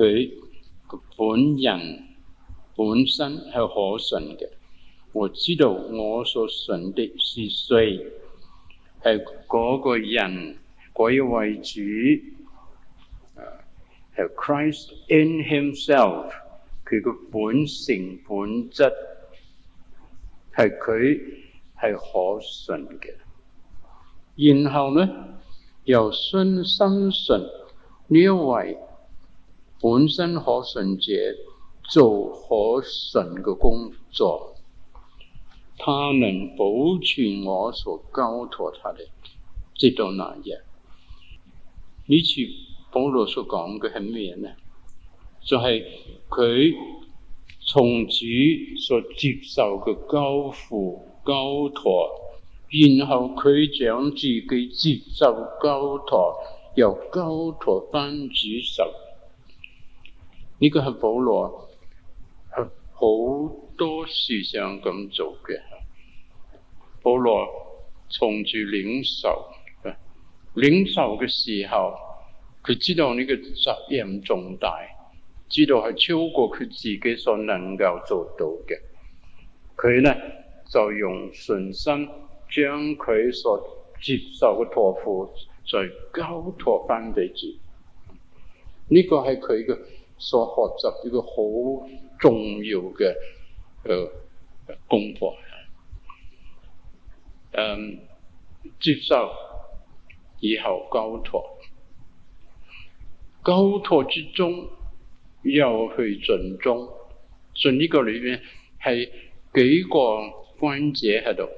佢本人本身係可信嘅，我知道我所信的是誰，係嗰個人嗰一位主，係 Christ in Himself，佢個本性本質係佢係可信嘅。然後咧，由信心信呢一位。本身可信者做可信嘅工作，他能保存我所交託他嘅，直到那日，呢次保羅所講嘅係咩嘢呢？就係、是、佢從此所接受嘅交付交託，然後佢將自己接受交託，由交託翻主十。呢個係保羅，係好多事上咁做嘅。保羅從住領受嘅，領受嘅時候，佢知道呢個責任重大，知道係超過佢自己所能夠做到嘅。佢呢，就用全心將佢所接受嘅託付，再交託翻俾主。呢個係佢嘅。所學習呢個好重要嘅功課，誒、嗯，接受以後交託，交託之中又去盡忠，盡忠呢個裏邊係幾個關節喺度。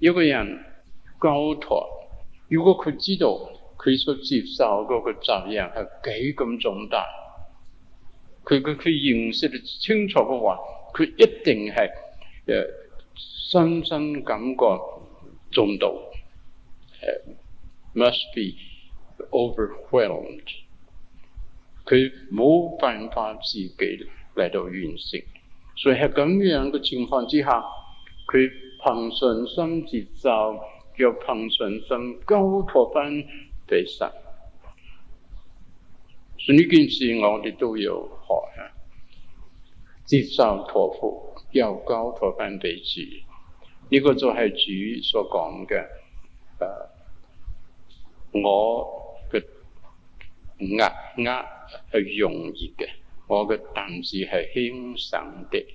一個人交託，如果佢知道，佢所接受嗰個責任係幾咁重大，佢佢佢，認識得清楚嘅話，佢一定係誒，深深感覺中毒，誒 must be overwhelmed。佢冇辦法自己嚟到完成，所以喺咁樣嘅情況之下，佢憑信心接受，又憑信心交託翻。俾失，呢件事我哋都要學啊，接受託付，又交託翻俾主，呢、呢個就係主所講嘅。誒，我嘅壓壓係容易嘅，我嘅擔子係輕省啲嘅，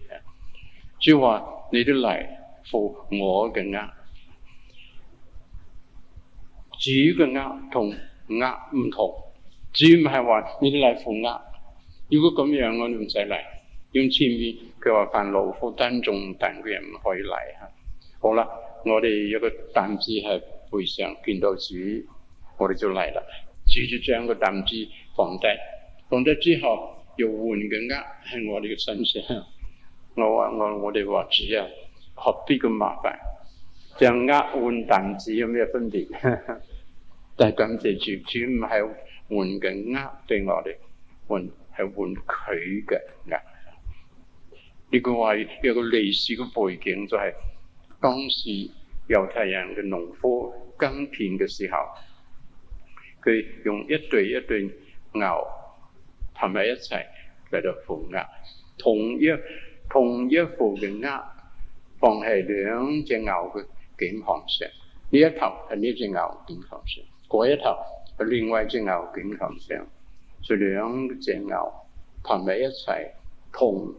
主要話你哋嚟負我嘅壓。主嘅軛同軛唔同，主要唔係話你嚟負軛。如果咁樣，我哋唔使嚟。用前面佢話凡勞苦擔重，但佢又唔可以嚟嚇。好啦，我哋有個擔子喺背上，見到主，我哋就嚟啦。主就將個擔子放低，放低之後又換嘅軛喺我哋嘅身上。我我我哋話主呀，何必咁麻煩？像軛換擔子有咩分別？ <laughs> 但係感謝主，主唔係換緊軛對我哋換，係換佢嘅軛。呢個話有個歷史嘅背景，就係當時猶太人嘅農夫耕田嘅時候，佢用一對一對牛同埋一齊嚟到負軛，同一同一副嘅軛放係兩隻牛嘅。撿銅石，呢一頭係呢隻牛撿銅上，嗰一頭係另外一隻牛撿上。所以兩隻牛同埋一齊同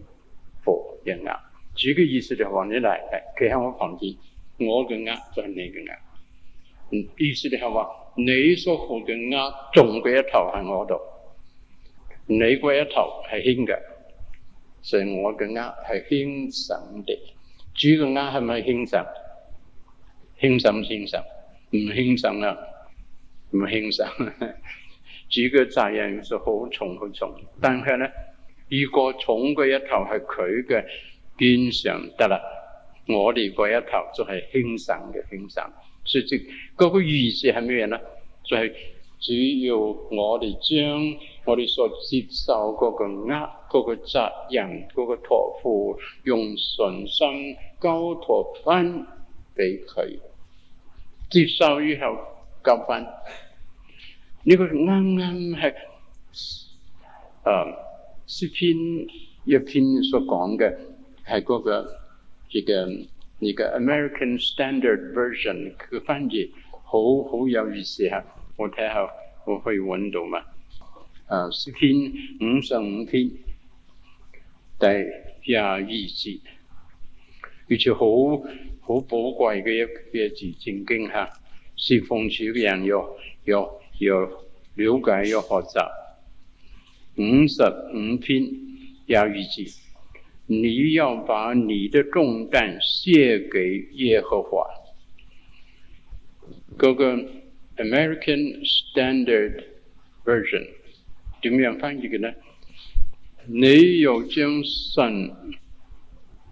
搏隻鴨。主嘅意思就話、是、你嚟，佢喺我旁邊，我嘅鴨就係你嘅鴨。意思就係、是、話你所服嘅鴨重嘅一頭喺我度，你嗰一頭係輕嘅，所以我嘅鴨係輕省啲。主嘅鴨係咪輕省？輕省輕省，唔輕省啦，唔輕省。主嘅責任就好重好重，但係咧，如果重嘅一頭係佢嘅肩上得啦，我哋嗰一頭就係輕省嘅輕省。所以即嗰、那個意思係咩嘢咧？就係、是、主要我哋將我哋所接受嗰個呃，嗰、那個責任、嗰、那個託付，用信心交託翻俾佢。接受以後，教翻呢個啱啱係誒詩篇一篇所講嘅係嗰個一、這個一個 American Standard Version 嘅翻譯好好有意思吓、啊，我睇下我可以揾到嘛？誒、啊、詩篇五十五篇第廿二節，而且好。不不別經經好寶貴嘅一一字正經嚇，事奉主嘅人要要要瞭解，要學習。五十五篇要捱字，你要把你的重擔卸給耶和華。嗰個 American Standard Version 點樣翻譯嘅呢？你有將神。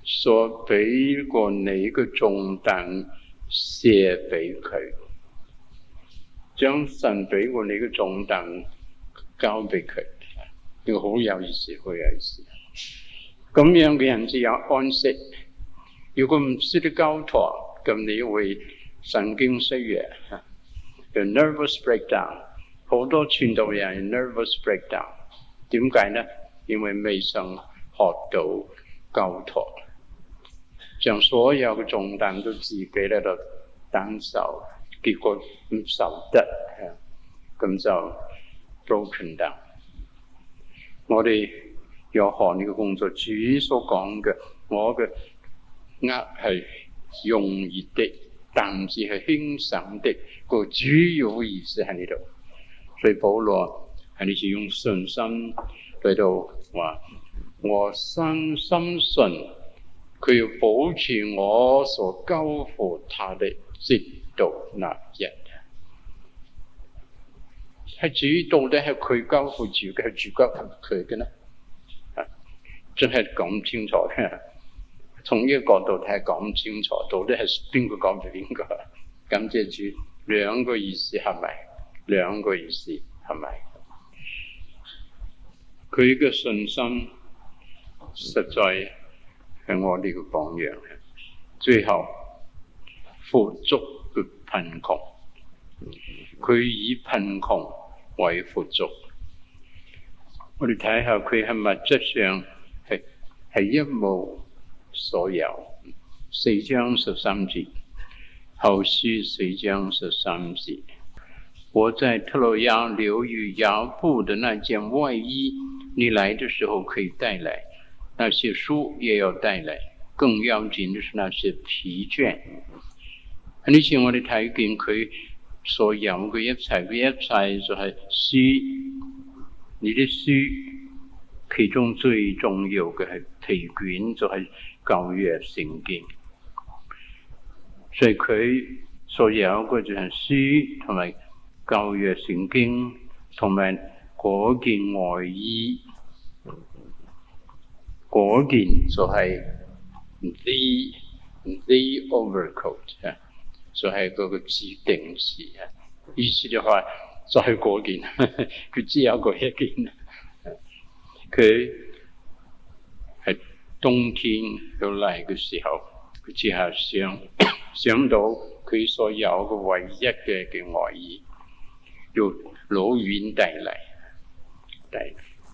所俾過你嘅重擔卸俾佢，將神俾過你嘅重擔交俾佢，要好有意思，好有意思。咁樣嘅人先有安息。如果唔識得交託，咁你會神經衰弱，叫 nervous breakdown。好多傳道人 nervous breakdown，點解呢？因為未想學到交託。將所有嘅重擔都自己喺度擔受，結果唔受得，咁、啊、就 broken down。我哋做學呢個工作，主所講嘅，我嘅軛係容易的，但唔係係輕省的，那個主要意思喺呢度。所以保羅係呢次用信心嚟到話，我深深信。佢要保持我所交付他的直到那日，係至於到底係佢交付主嘅，主交付佢嘅呢，真係講唔清楚嘅。從呢個角度睇，係講唔清楚到底係邊個講住邊個。咁即係主兩個意思係咪？兩個意思係咪？佢嘅信心實在。係我呢個榜樣，最後富足嘅貧窮，佢以貧窮為富足。我哋睇下佢喺物質上係係一無所有。四章十三節，後書四章十三節。我在特洛亞留於雅布的那件外衣，你來的時候可以帶來。那些書也要帶來，更要緊的是那些皮卷。呢次我哋睇見，佢所有嘅一,一切，佢一切就係、是、書，呢啲書其中最重要嘅係皮卷，就係舊約聖經。所以佢所有嘅就係書同埋舊約聖經同埋嗰件外衣。嗰件就係唔知唔知 overcoat 嚇，就係嗰個指定詞嚇。意思就話再嗰件，佢只有嗰一件。佢係冬天到嚟嘅時候，佢之後想想到佢所有嘅唯一嘅嘅外衣，就攞遠地嚟，但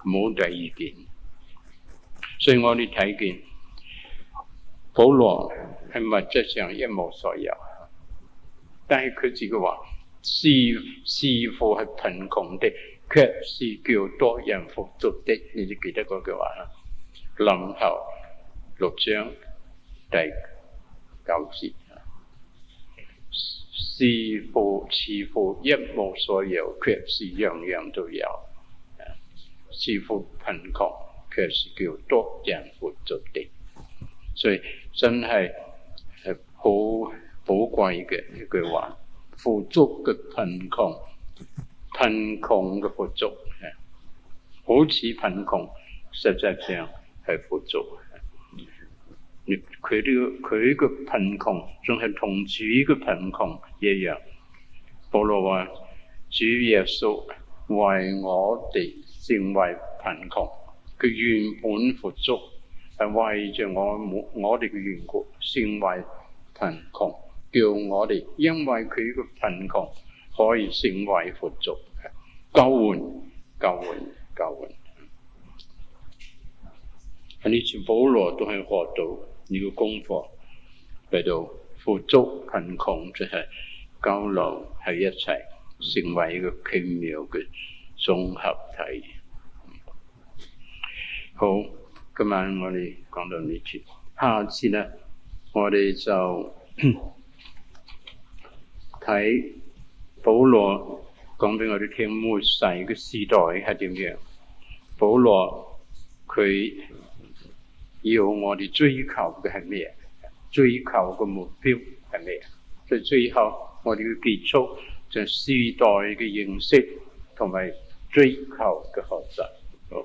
冇第二件。所以我哋睇見保羅喺物質上一無所有，但係佢自己話，是似乎係貧窮的，卻是叫多人富足的。你就記得嗰句話啊？林後六章第九節啊，似乎似乎一無所有，卻是樣樣都有，似乎貧窮。其實叫多人富足的，所以真係係、啊、好寶貴嘅一句話：富足嘅貧窮，貧窮嘅富足。好似貧窮，實際上係富足。佢啲佢嘅貧窮仲係同主嘅貧窮一樣。保羅話：主耶穌為我哋成為貧窮。佢原本富足，係為着我我哋嘅緣故，成為貧窮，叫我哋因為佢嘅貧窮可以成為富足嘅，救援、救援、救援。呢次保羅都係學到呢個功課，嚟到富足貧窮，即係交流喺一齊，成為一個奇妙嘅綜合體。好，今晚我哋講到呢節，下次咧，我哋就睇保羅講俾我哋聽末世嘅時代係點樣。保羅佢要我哋追求嘅係咩？追求嘅目標係咩？所以最後我哋要結束，就係時代嘅認識同埋追求嘅學習。